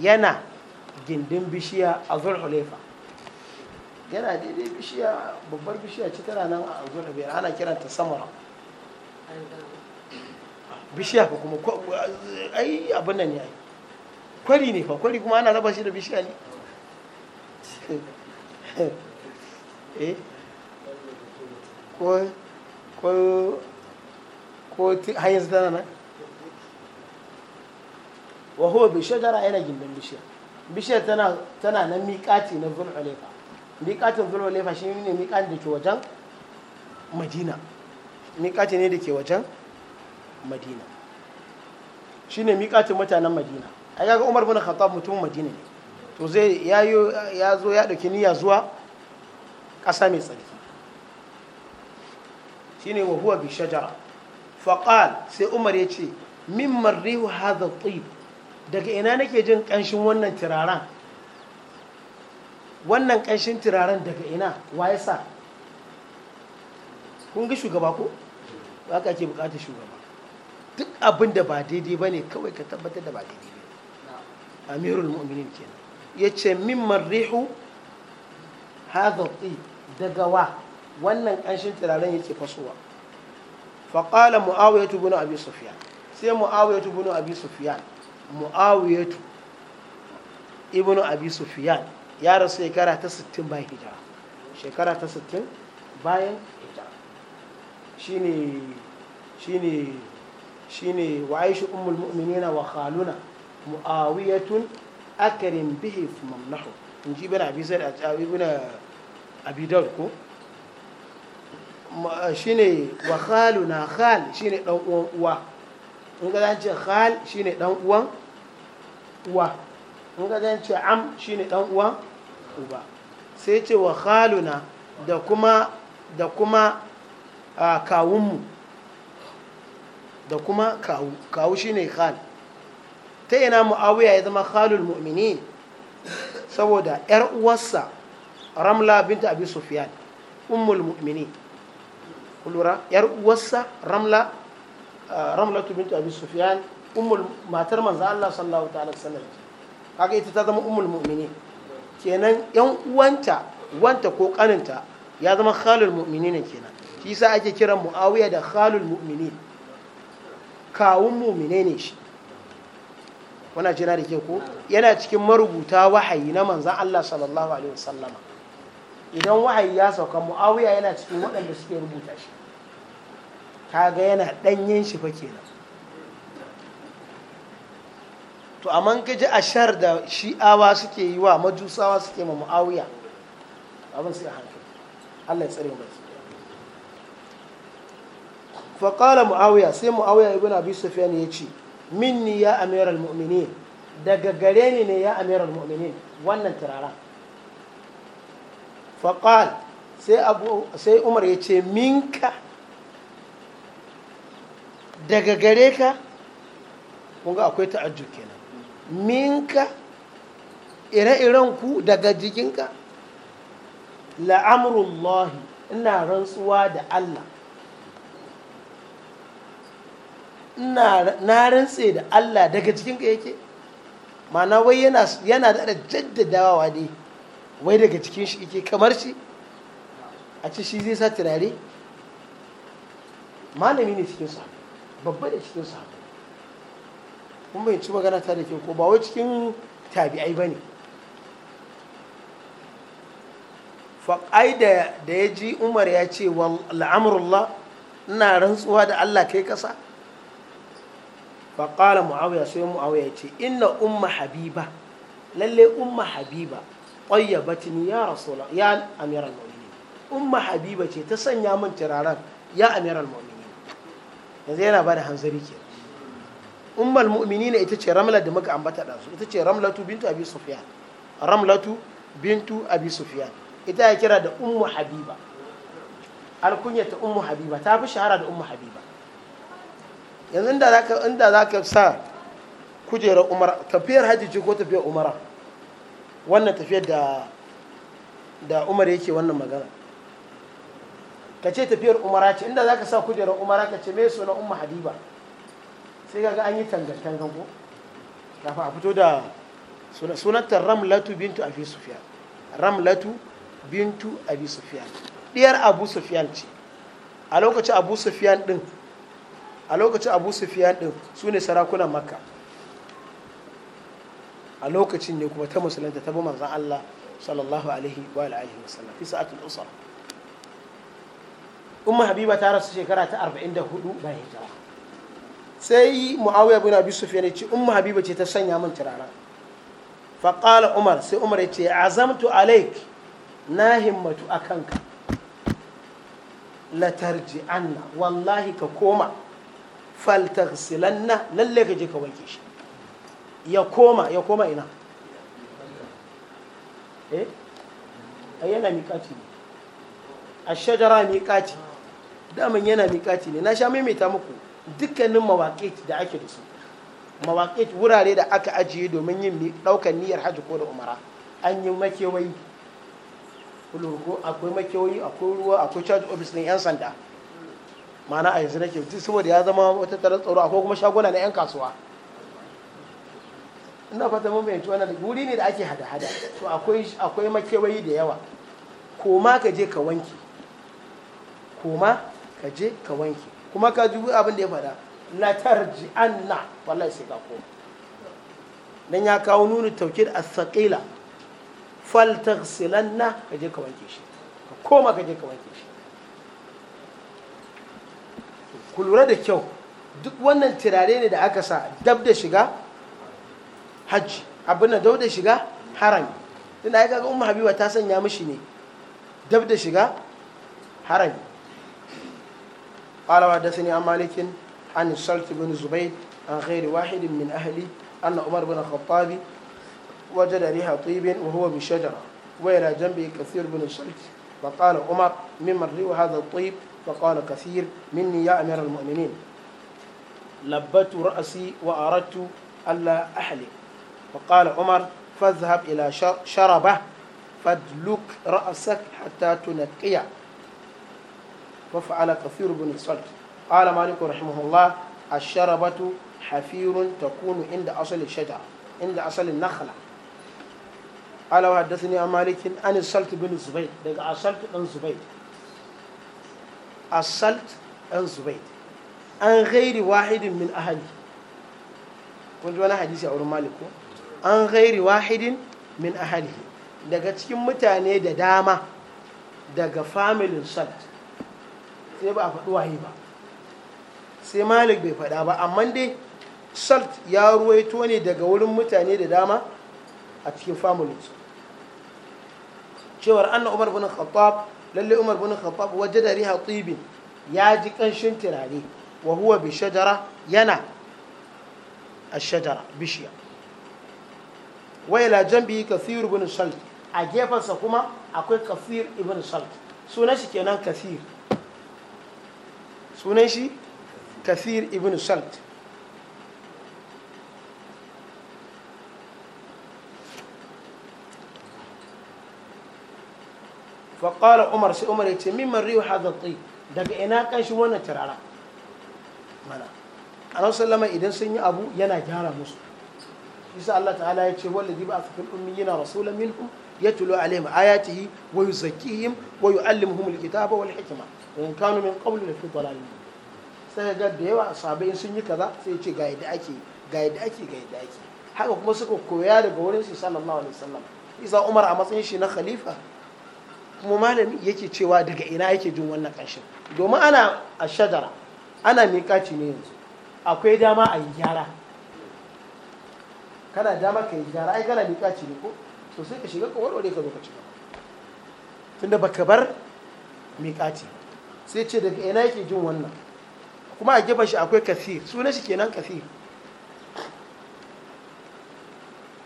yana gindin bishiya a zulhulefa yana daidai bishiya babbar bishiya ce tana nan a zulhulefa ana kiranta samara bishiya fa kuma ai abin nan ya yi kwari ne fa kwari kuma ana raba shi da bishiya ne eh ko ko ko hanyar tana nan wa huwa bi shajara yana gindin bishiya bishiya tana tana nan miƙati na zulhulefa miƙatin zulhulefa shi ne miƙatin da ke wajen madina miƙati ne da ke wajen madina madina shi shine miƙatin mutanen madina a kaga umar bin khattab mutumin madina ne to zai ya zo ya ɗauki niyya zuwa ƙasa mai tsarki shine wa huwa bi shajara faƙal sai umar ya ce min marrihu hadha tib daga ina nake jin ƙanshin wannan turaren wannan ƙanshin turaren daga ina wa ya sa kun ga shugaba ko ba ka ke bukatar shugaba duk abin da ba daidai ba ne kawai ka tabbatar da ba daidai ba amirul mu'minin kenan ya ce min marrihu hadha daga wa wannan ƙanshin turaren yake fasowa faƙala mu'awiyatu bunu abi sufyan sai mu'awiyatu bunu abi sufyan mu'awiyatu ibn abi sufiyan ya rasu shekara ta 60 bayan hijira shekara ta 60 bayan hijira shine shine shine wa aishu ummul mu'minina wa khaluna muawiyatun akarin bihi famnahu in ji bin abi zaid ibn abi daud ko shine wa khaluna khal shine dan uwan uwa in ga zan ce khal shine dan uwan uwa in ga zan ce am shine dan uwan uba sai ce wa khaluna da kuma da kuma kawunmu da kuma kawu kawu shine khal ta yana muawiya ya zama khalul mu'minin saboda yar uwarsa ramla binta abi sufyan ummul mu'minin kulura yar uwarsa ramla ah, ramla binta abi sufyan ummul matar manzo Allah sallallahu ta'ala sallam kaga ita ta zama ummul mu'minin kenan yan uwanta wanta ko kaninta ya zama khalul mu'minin kenan shi yasa ake kiran muawiya da khalul mu'minin kawun mumine ne shi wana jira da ke ko yana cikin marubuta wahayi na manzan Allah sallallahu alaihi wasallama idan wahayi ya sauka muawiya yana cikin waɗanda suke rubuta shi kaga yana ɗanyen shi fa kenan to amma ka ji ashar da shi'awa suke yi wa majusawa suke ma muawiya abin sai a hankali Allah ya tsare mu faƙala mu'awiya sai mu'awiya ibn abi sufyan ya ce minni ya amiral mu'minin daga gare ni ne ya amiral mu'minin wannan turaren faƙal sai umar ya ce minka daga gare ka kunga akwai ta'ajju kenan minka ire-iren ku daga jikinka la'amurullahi ina rantsuwa da allah na rantse da Allah daga cikin ka yake ma'ana wai yana da jaddadawa ne wai daga cikin shi yake kamar shi a ci shi zai sa turare malami ne cikin sa babba da cikin sa kuma bai ci magana ta da ke ko ba wai cikin tabi'ai ba ne faƙai da ya ji umar ya ce wa la'amurullah ina rantsuwa da allah kai kasa faƙala mu'awiya sai mu'awiya ya ce inna umma habiba lalle umma habiba batini ya rasula ya amiral mu'minin umma habiba ce ta sanya min turaren ya amiral mu'minin yanzu yana ba da hanzari ke ummal mu'minin ita ce ramla da muka ambata ɗansu ita ce ramlatu bintu abi sufyan ramlatu bintu abi sufyan ita ya kira da ummu habiba alkunya ta ummu habiba ta fi shahara da ummu habiba yanzu inda za ka inda sa kujerar umara tafiyar hajji ce ko tafiyar umara wannan tafiyar da da umar yake wannan magana ka ce tafiyar umara ce inda za ka sa kujerar umara ka ce me suna umma hadiba sai ga an yi tangantangan ko kafin a fito da sunantar ramlatu bintu abi sufiyan ramlatu bintu abi sufiyan diyar abu sufiyan ce a lokacin abu sufiyan din a lokacin abu sufiyan ɗin su ne sarakunan makka a lokacin ne kuma ta musulunta ta bi manzan allah sallallahu alaihi wa alihi wasallam fi sa'atul usra umma habiba ta rasu shekara ta 44 bayan hijira sai muawiya bin abi sufyan ya ce umma habiba ce ta sanya min turaren fa qala umar sai umar ya ce azamtu alaik na himmatu akanka la tarji'anna wallahi ka koma faltaghsilanna lalle ka je ka wanke shi ya koma ya koma ina eh yana miƙaci ne a shajara miƙaci daman yana miƙaci ne na sha maimaita muku dukkanin mawaƙit da ake da su wurare da aka ajiye domin yin ɗaukar niyyar hajji ko da umara an yi makewayi akwai makewayi akwai ruwa akwai charge office ɗin 'yan sanda mana a yanzu nake duk saboda ya zama wata tarar tsaro akwai kuma shaguna na 'yan kasuwa ina fata mun fahimci wannan wuri ne da ake hada-hada to akwai akwai makewayi da yawa koma ka je ka wanke koma ka je ka wanke kuma ka ji abin da ya faɗa la tarji anna wallahi sai ka koma dan ya kawo nuna taukid as-saqila fal taghsilanna ka je ka wanke shi ka koma ka je ka wanke shi ku lura da kyau duk wannan turare ne da aka sa dab da shiga hajji abin da dab da shiga harami tunda ai kaga umma habiba ta sanya mishi ne dab da shiga harami قال وحدثني عن مالك عن الصلت بن زبيد عن غير واحد من أهلي أن عمر بن الخطاب وجد ريح طيب وهو بشجرة وإلى جنبه كثير بن الشرك فقال عمر ممن ريح هذا الطيب فقال كثير مني يا أمير المؤمنين لبت رأسي وأردت ألا أحلق فقال عمر فاذهب إلى شربة فادلك رأسك حتى تنقيع وفعل كثير بن الصلت قال مالك رحمه الله الشربة حفير تكون عند أصل الشجرة عند أصل النخلة قال وحدثني عن مالك عن الصلت بن الزبيد عن الصلت بن الزبيد asalt an zubaid an ghairi wahidin min ahali kun ji wani hadisi a wurin maliku an ghairi wahidin min ahali daga cikin mutane da dama daga familin salt sai ba a faɗi waye ba sai malik bai faɗa ba amma dai salt ya ruwaito ne daga wurin mutane da dama a cikin familin cewar anna umar bin khattab lalle umar bin khattab wajada riha tibin ya ji kanshin turare wa huwa bi shajara yana ashajara bishiya wa jambi kathir bin salt a gefensa kuma akwai kathir ibn salt sunan shi kenan kathir sunan shi ibn salt faƙala umar sai umar ya ce mimman riyu hazatsi daga ina kanshi wannan turara mana anan sallama idan sun yi abu yana gyara musu isa Allah ta'ala ya ce wallazi ba fi ummiyina rasulan minhum yatlu alayhim ayatihi wa yuzakkihim wa yuallimuhum alkitaba wal hikma wa in kanu min qablu lafi dalalin sai ga da yawa sahabbai sun yi kaza sai ce ga yadda ake ga yadda ake ga yadda ake haka kuma suka koya daga wurin sallallahu alaihi wasallam isa umar a matsayin shi na khalifa kuma malami yake cewa daga ina yake jin wannan ƙanshin domin ana a shadara ana ci ne yanzu akwai dama a yi gyara kana dama ka yi gyara ai kana ci ne ko to sai ka shiga ka warware ka zo ka ci gaba tunda baka bar ci sai ce daga ina yake jin wannan kuma a gefen shi akwai kasir sunan shi kenan kasir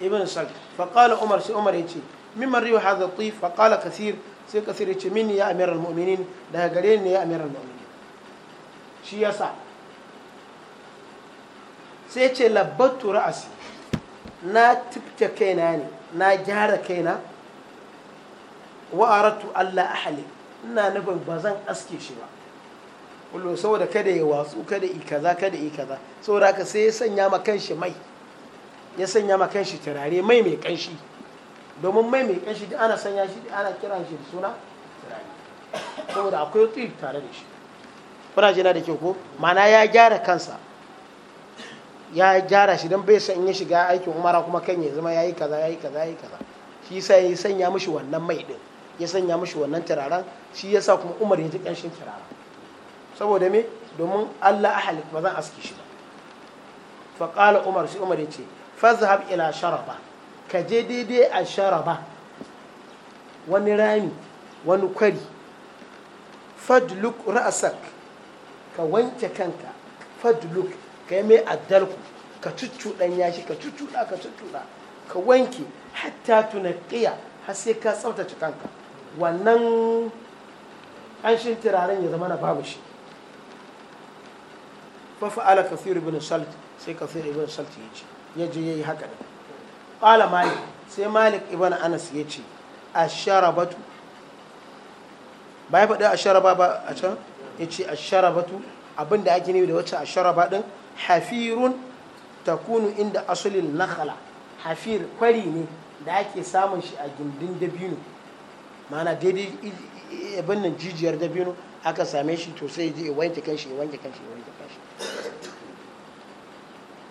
ibn sal qala umar sai umar yace mimman riwa hadha tif qala kasir sai ka ya ce min ya amiral mu'minin daga gare ni ya amiral mu'minin shi yasa sai ce labbatu ra'asi na tipta kaina ne na gyara kaina wa aratu Allah ahli ina nufin ba zan aske shi ba kullum saboda kada ya watsu kada yi kaza kada yi kaza saboda ka sai ya sanya ma kanshi mai ya sanya ma kanshi turare mai mai kanshi domin mai mai kanshi da ana sanya shi ana kiran shi da suna saboda akwai tsib tare da shi kuna jina da kyau ko mana ya gyara kansa ya gyara shi don bai san ya shiga aikin umara kuma kan ya zama yayi kaza yayi kaza yayi kaza shi sa ya sanya mishi wannan mai din ya sanya mishi wannan turaren shi yasa kuma umar ya ji kanshin turaren saboda me domin Allah ahli ba zan aske shi ba fa qala umar shi umar ya yace fazhab ila sharaba ka je daidai a sharaba wani rami wani kwari fadluk ra'asak ka wanke kanka fadluk ka yi mai addalku ka cuccuɗan yashi ka cuccuɗa ka ka wanke hatta tunaƙiya har sai ka tsaftace kanka wannan ƙanshin turaren ya zama na babu shi fa ala kafir ibn salt sai kafir ibn salt ya ce ya je yayi haka ne ƙala malik sai malik ibn anas ya ce a sharabatu ba ya faɗi a sharaba ba a can ya ce a sharabatu abinda ake ne da wacce a sharaba ɗin hafirun kunu inda asalin nakala hafir kwari ne da ake samun shi a gindin dabino mana daidai abin nan jijiyar dabino aka same shi to sai ya je wanke kanshi ya wanke kanshi wanke kanshi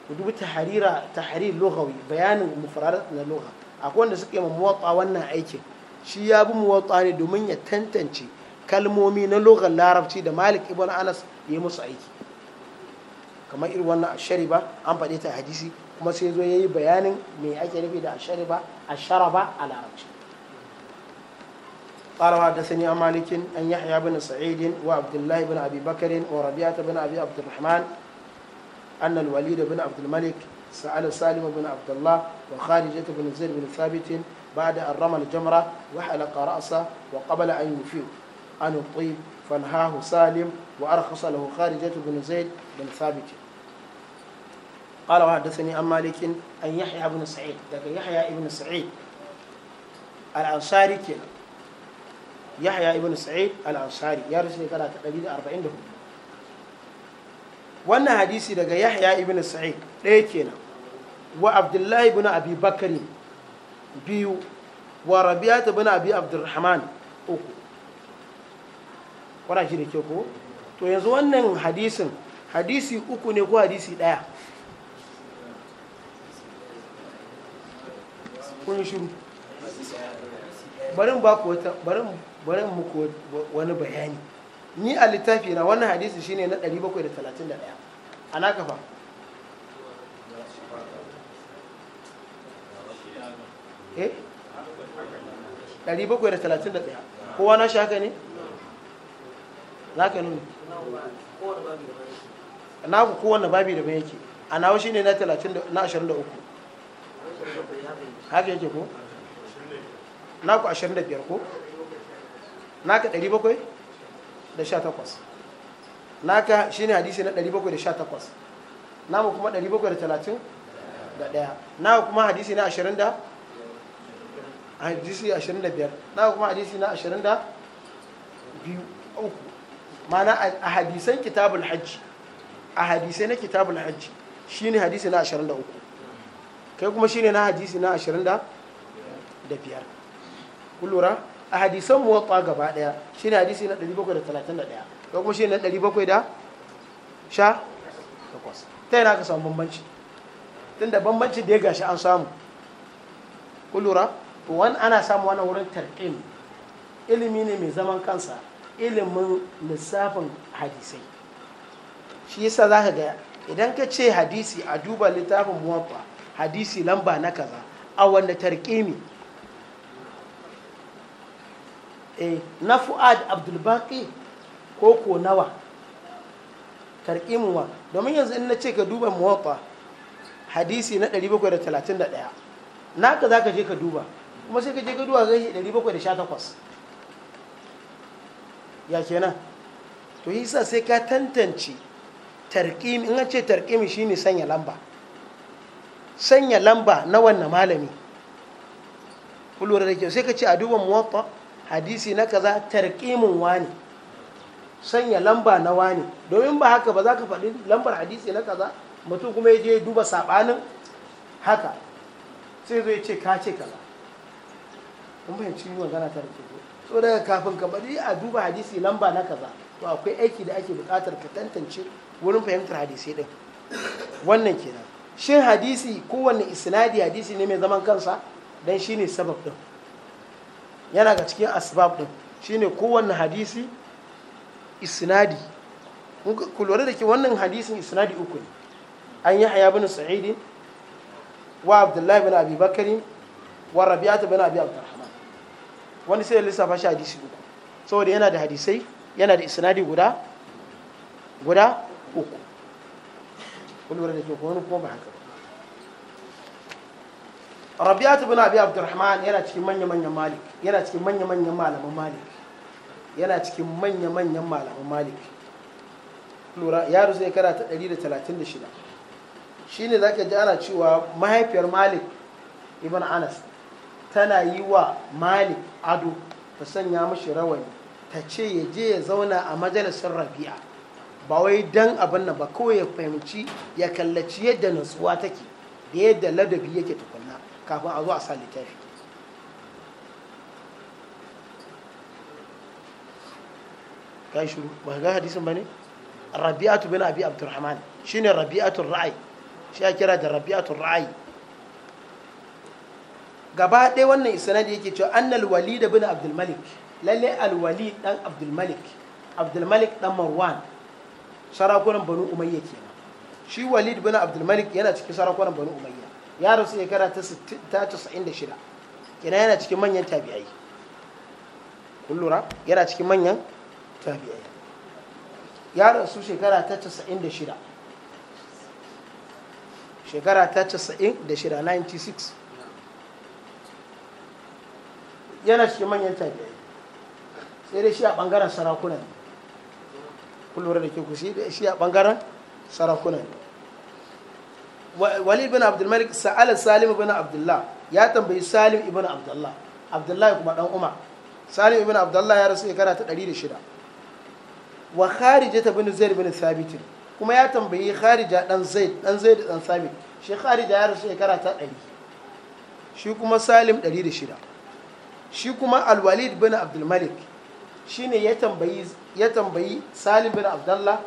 ku dubi taharira tahrir lughawi bayanin mufradat na lugha akwai wanda ma yi muwatta wannan aikin shi ya bi muwatta ne domin ya tantance kalmomi na lughar larabci da Malik ibn Anas ya musu aiki kamar irin wannan ashariba an faɗi ta hadisi kuma sai ya yi bayanin me ake nufi da ashariba asharaba a larabci قال وحدثني عن مالك أن يحيى بن سعيد وعبد الله بن أبي بكر وربيعة بن أن الوليد بن عبد الملك سأل سالم بن عبد الله وخارجة بن زيد بن ثابت بعد أن رمى الجمرة وحلق رأسه وقبل أن يفيض أن الطيب فنهاه سالم وأرخص له خارجة بن زيد بن ثابت قال وحدثني أم مالك أن يحيى بن سعيد ذاك يحيى بن سعيد الأنصاري كنا يحيى بن سعيد الأنصاري يا رسول أربعين 144 wannan hadisi daga yahya ibn sa'id ɗaya kenan wa abdullahi ibn abi bakari biyu wa rabiyata ibn abi abdurrahman uku kwana shi da ke ko to yanzu wannan hadisin hadisi uku ne ko hadisi ɗaya kun shiru barin ba ku wata barin muku wani bayani ni a littafi na wannan hadisi shine na 731 ana kafa eh 731 kowa na shaka ne za ka nuna na ku kowane babi da ban yake a nawa shine na 23 haka yake ko na ku 25 ko na ka 700 da sha takwas naka ne hadisi na ɗari bakwai da sha takwas namu kuma ɗari bakwai da talatin da ɗaya nawa kuma hadisi na ashirin da hadisi ashirin da biyar nawa kuma hadisi na ashirin da biyu uku mana a hadisan kitabul hajji a hadisai na kitabul hajji ne hadisi na ashirin da uku kai kuma shi ne na hadisi na ashirin da biyar kun lura a hadisan muwatta gaba daya ne hadisi na 731 ko kuma ne na 700 sha ta yana ka samu bambanci tunda bambanci da ya gashi an samu kulura wani ana samu wani wurin tarqim ilimi ne mai zaman kansa ilimin lissafin hadisai shi yasa ka ga idan ka ce hadisi a duba littafin muwatta hadisi lamba na kaza a wanda tarqimi Eh, na fu'ad abdulbaki ko ko nawa tarkimuwa domin yanzu in na ce ka duba muwatta hadisi na 731 naka za ka je ka duba kuma sai ka je ka duba gashi 718 ya nan to yi sa sai ka tantance tarkimi in ce tarkimi shine sanya lamba sanya lamba na wannan malami kullum da kyau sai ka ce a duba muwatta hadisi na kaza tarqimin wani sanya lamba na wani domin ba haka ba za ka faɗi lambar hadisi na kaza mutum kuma ya je duba saɓanin haka sai zo ce ka ce kaza kun fahimci magana ta rike so daga kafin ka bari a duba hadisi lamba na kaza to akwai aiki da ake buƙatar ka tantance wurin fahimtar hadisi din wannan kenan shin hadisi kowanne isnadi hadisi ne mai zaman kansa dan shine sabab din yana ga cikin asbab din shine kowanne hadisi isnadi ku lura da ke wannan hadisin isnadi uku ne an yi haya bin sa'idin wa abdullahi bin abi Bakari wa rabi'atu bin abi abdurrahman wani sai lissafa shi hadisi uku saboda yana da hadisai yana da isnadi guda guda uku ku lura da ke kuma ba haka rabi'atu bin abi abdurrahman yana cikin manya manyan malik yana cikin manya manyan malaman malik yana cikin manya manyan malaman malik lura yaro zai kara ta 136 shine zaka ji ana cewa mahaifiyar malik ibn anas tana yi wa malik ado ta sanya mashi rawani ta ce ya je ya zauna a majalisar rabi'a ba wai dan abin nan ba kawai ya fahimci ya kallaci yadda nutsuwa take da yadda ladabi yake tukuna kafin a zo a sa littafi ka yi shuru ba ga hadisin ba ne rabi'atu bin abi abdurrahman shine rabi'atul ra'ayi shi ya kira da rabi'atul ra'ayi gaba ɗaya wannan isnadi yake cewa annal walid bin abdul lalle al walid dan abdul malik abdul malik marwan sarakunan banu umayya kenan shi walid bin abdul yana cikin sarakunan banu umayya ya rasu shekara ta 96 kina yana cikin manyan tabi'ai kun lura yana cikin manyan tabi'ai ya rasu shekara ta 96 shekara ta 96 96 yana cikin manyan tabi'ai sai dai shi a bangaren sarakunan Kullum da ke kusi da shi a bangaren sarakunan. ne walid bin abdulmalik sa'ala salim bin abdullah ya tambayi salim ibn abdullah abdullah kuma dan umar salim ibn abdullah ya rasu shekara ta 106 wa kharija ta bin zaid bin thabit kuma ya tambayi kharija dan zaid dan zaid dan thabit shi kharija ya rasu shekara ta 100 shi kuma salim 106 shi kuma alwalid bin abdulmalik shine ya tambayi ya tambayi salim bin abdullah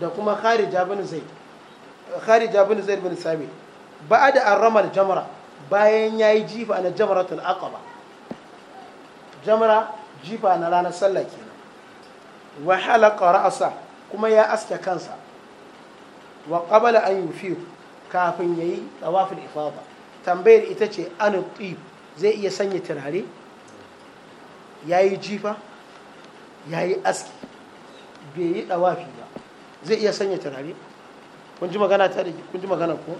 da kuma kharija bin zaid kharija bin zaid bin sabit ba'da arramal jamara bayan ya yi jifa na jamara tun aqaba jamara jifa na ranar sallah kenan wa halaqa ra'asa kuma ya aske kansa wa qabala an yufiq kafin yayi tawaful ifada tambayar ita ce an tib zai iya sanya turare ya yi jifa ya yi aski bai yi ɗawafi ba zai iya sanya turare kun ji magana ta kun ji magana ko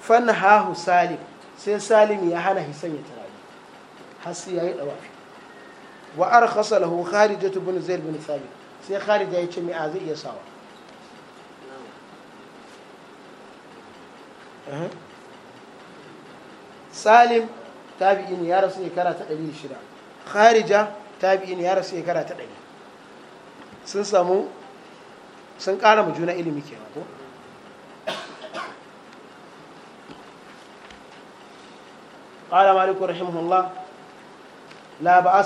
fan hahu salim sai salim ya hana hisan ya turare har sai yayi dawa wa arkhasa lahu kharijatu bin zaid bin thabit sai kharija ya ce me azai zai iya sawa salim tabi'in ya rasu kara ta 600 kharija tabi'in ya rasu kara ta 100 sun samu sun ƙara mu juna ilimi ke ko? ƙara malikun rahimahullah la ba ya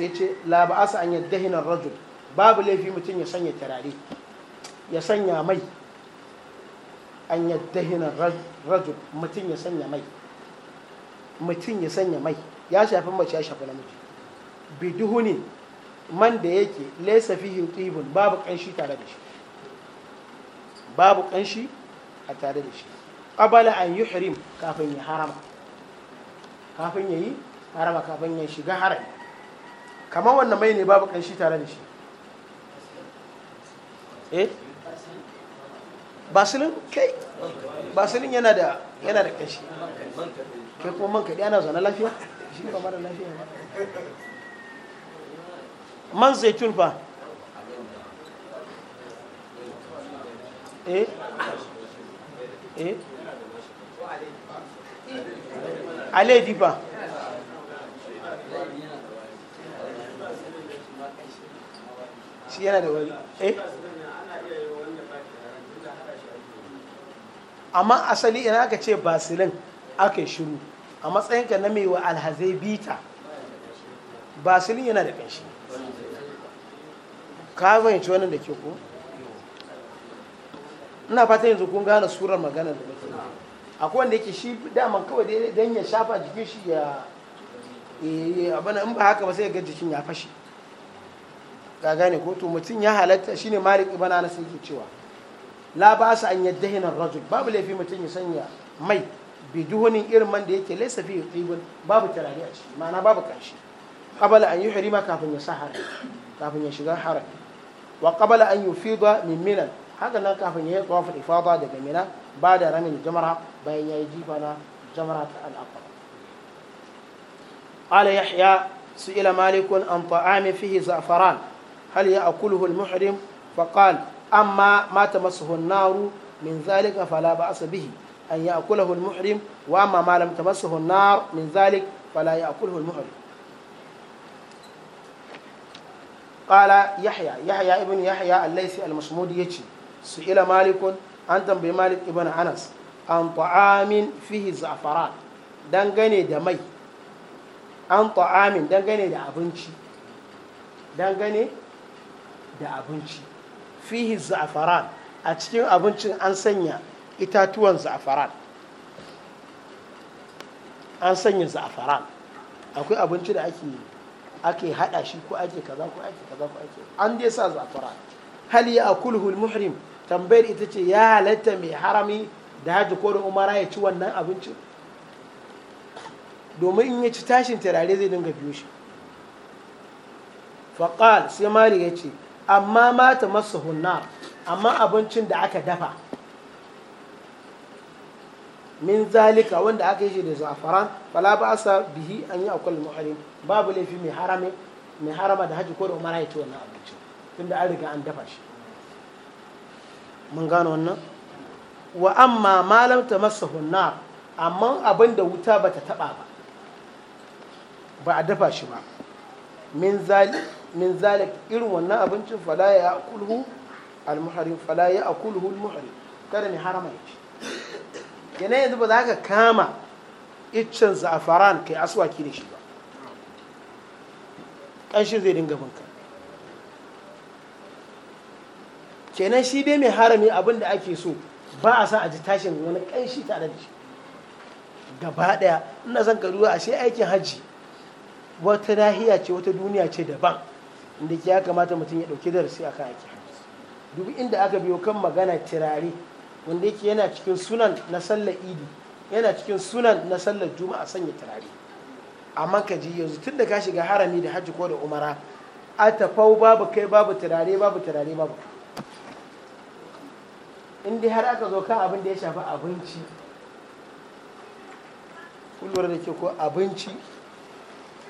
ce la ba babu laifi mutum ya sanya tarari ya sanya mai an yaddahina rajul mutum ya sanya mai mutum ya sanya mai ya shafi mace ya shafi namiji biduhunin man da yake laisa fihi tibun babu kanshi tare da shi babu kanshi a tare da shi qabala an yuhrim kafin ya harama kafin yayi harama kafin ya shiga harami kamar wannan mai ne babu kanshi tare da shi eh basilin kai basilin yana da yana da kashi kai kuma man kaɗi ana zana lafiya shi ba mara lafiya ba man zai tulfa eh eh alaifi fa shi yana da wani eh amma asali ina aka ce basilin aka yi shiru a matsayinka na mai wa alhazai bita basilin yana da ƙanshi ka fahimci wannan da ke ko ina fata yanzu kun gane surar magana da nake akwai wanda yake shi daman kawai don ya shafa jikin shi ya abana in ba haka ba sai ga jikin ya fashe ga gane ko to mutum ya halatta shine malik ibn na yake cewa لا باس ان يدهن الرجل باب لي في متين يسنيا مي بدون ايرمان دي ليس فيه طيب باب تراني اشي ما انا باب كانشي قبل ان يحرم كافن يسحر كافن يشغى حرك وقبل ان يفيض من منى هذا لا كافن يقف الافاضه دغ منى بعد رمي الجمره بين يجيب انا جمرات الاقرب قال يحيى سئل مالك ان طعام فيه زعفران هل ياكله المحرم فقال amma mata masu naru min zalika fala ba'asa bihi an ya'kulahu al-muhrim wa amma ma lam tamassahu an min zalik fala ya'kulahu al-muhrim qala yahya yahya ibn yahya al-laysi al-masmudi yace su ila malikun an tambayi malik ibn anas an ta'amin fihi za'faran dangane da mai an ta'amin dangane da abinci dangane da abinci fihi za'afaran a cikin abincin an sanya itatuwan za'afaran an sanya za'afaran akwai abinci da ake ake hada shi ko ake kaza ko ake kaza ko ake an dai sa za'afaran hal ya akulhu muhrim tambayar ita ce ya halatta mai harami da haji ko da umara ya ci wannan abincin domin in ya ci tashin turare zai dinga biyo shi faƙal sai mali ya ce amma mata masu hunna amma abincin da aka dafa min zalika wanda aka yi shi da zafaran fala ba a sa bihi an yi akwai muharim babu laifi mai harame mai harama da haji ko da umara ya ci wannan abincin tunda an riga an dafa shi mun gano wannan wa amma malam ta masa hunna amma abin da wuta ta taba ba ba a dafa shi ba min zalika min zalik irin wannan abincin fala ya akulhu almuharim fala ya akulhu almuharim kada mai harama ya ci yana yanzu ba za ka kama iccen za'afaran kai aswaki da shi ba ƙanshin zai dinga binka kenan shi dai mai harami abin da ake so ba a sa a ji tashin wani ƙanshi tare da shi gaba ɗaya ina son ka duba ashe aikin hajji wata nahiya ce wata duniya ce daban inda ya kamata mutum ya ɗauki darasi akan ake duk inda aka biyo kan magana turare wanda yake yana cikin sunan na sallar idi yana cikin sunan na sallar juma'a sanya turare amma ka ji yanzu tun da ka shiga harami da hajji ko da umara a tafau babu kai babu turare babu turare babu in dai har aka zo kan abin da ya shafi abinci kulwar da ke ko abinci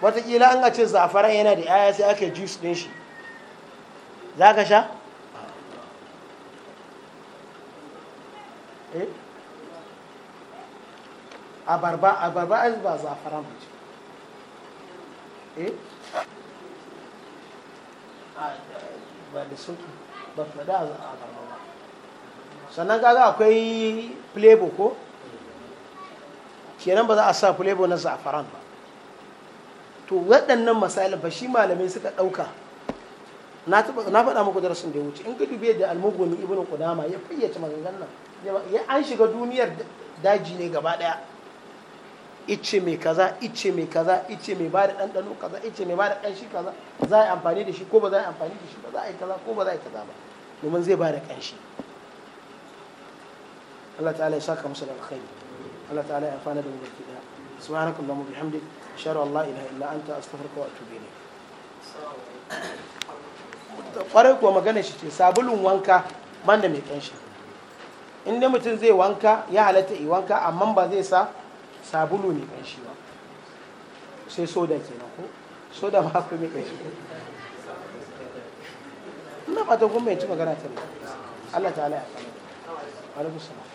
watakila an a ce zafaran yana da yaya sai ake juice din shi za ka sha? eh abarba abarba an ba zafaran ba ce eh ba da sauki ba fada a abarba ba sannan kaga akwai flavor ko kenan ba za a sa flavor na zafaran ba to waɗannan misali ba shi malamai suka ɗauka na faɗa muku darasin da ya wuce in ka dubi da almuguni ibn qudama ya fayyace maganganun ya an shiga duniyar daji ne gaba ɗaya ice mai kaza ice mai kaza ice mai bada ɗanɗano kaza ice mai bada ƙanshi kaza za a yi amfani da shi ko ba za a yi amfani da shi ba za a yi kaza ko ba za a yi kaza ba domin zai bada ƙanshi Allah ta'ala ya saka musu da alkhairi Allah ta'ala ya amfana da mu baki ɗaya subhanakallahumma bihamdika sharu Allah ilaha illa anta astaghfiruka wa atubu ilayk kwarai kuwa magana shi ce sabulun wanka ban da mai kanshi in dai mutum zai wanka ya halatta i wanka amma ba zai sa sabulu mai kanshi ba sai soda kenan ko soda ma akwai mai ko ina fatan kuma ci magana ta Allah ta'ala ya kama alaikum salam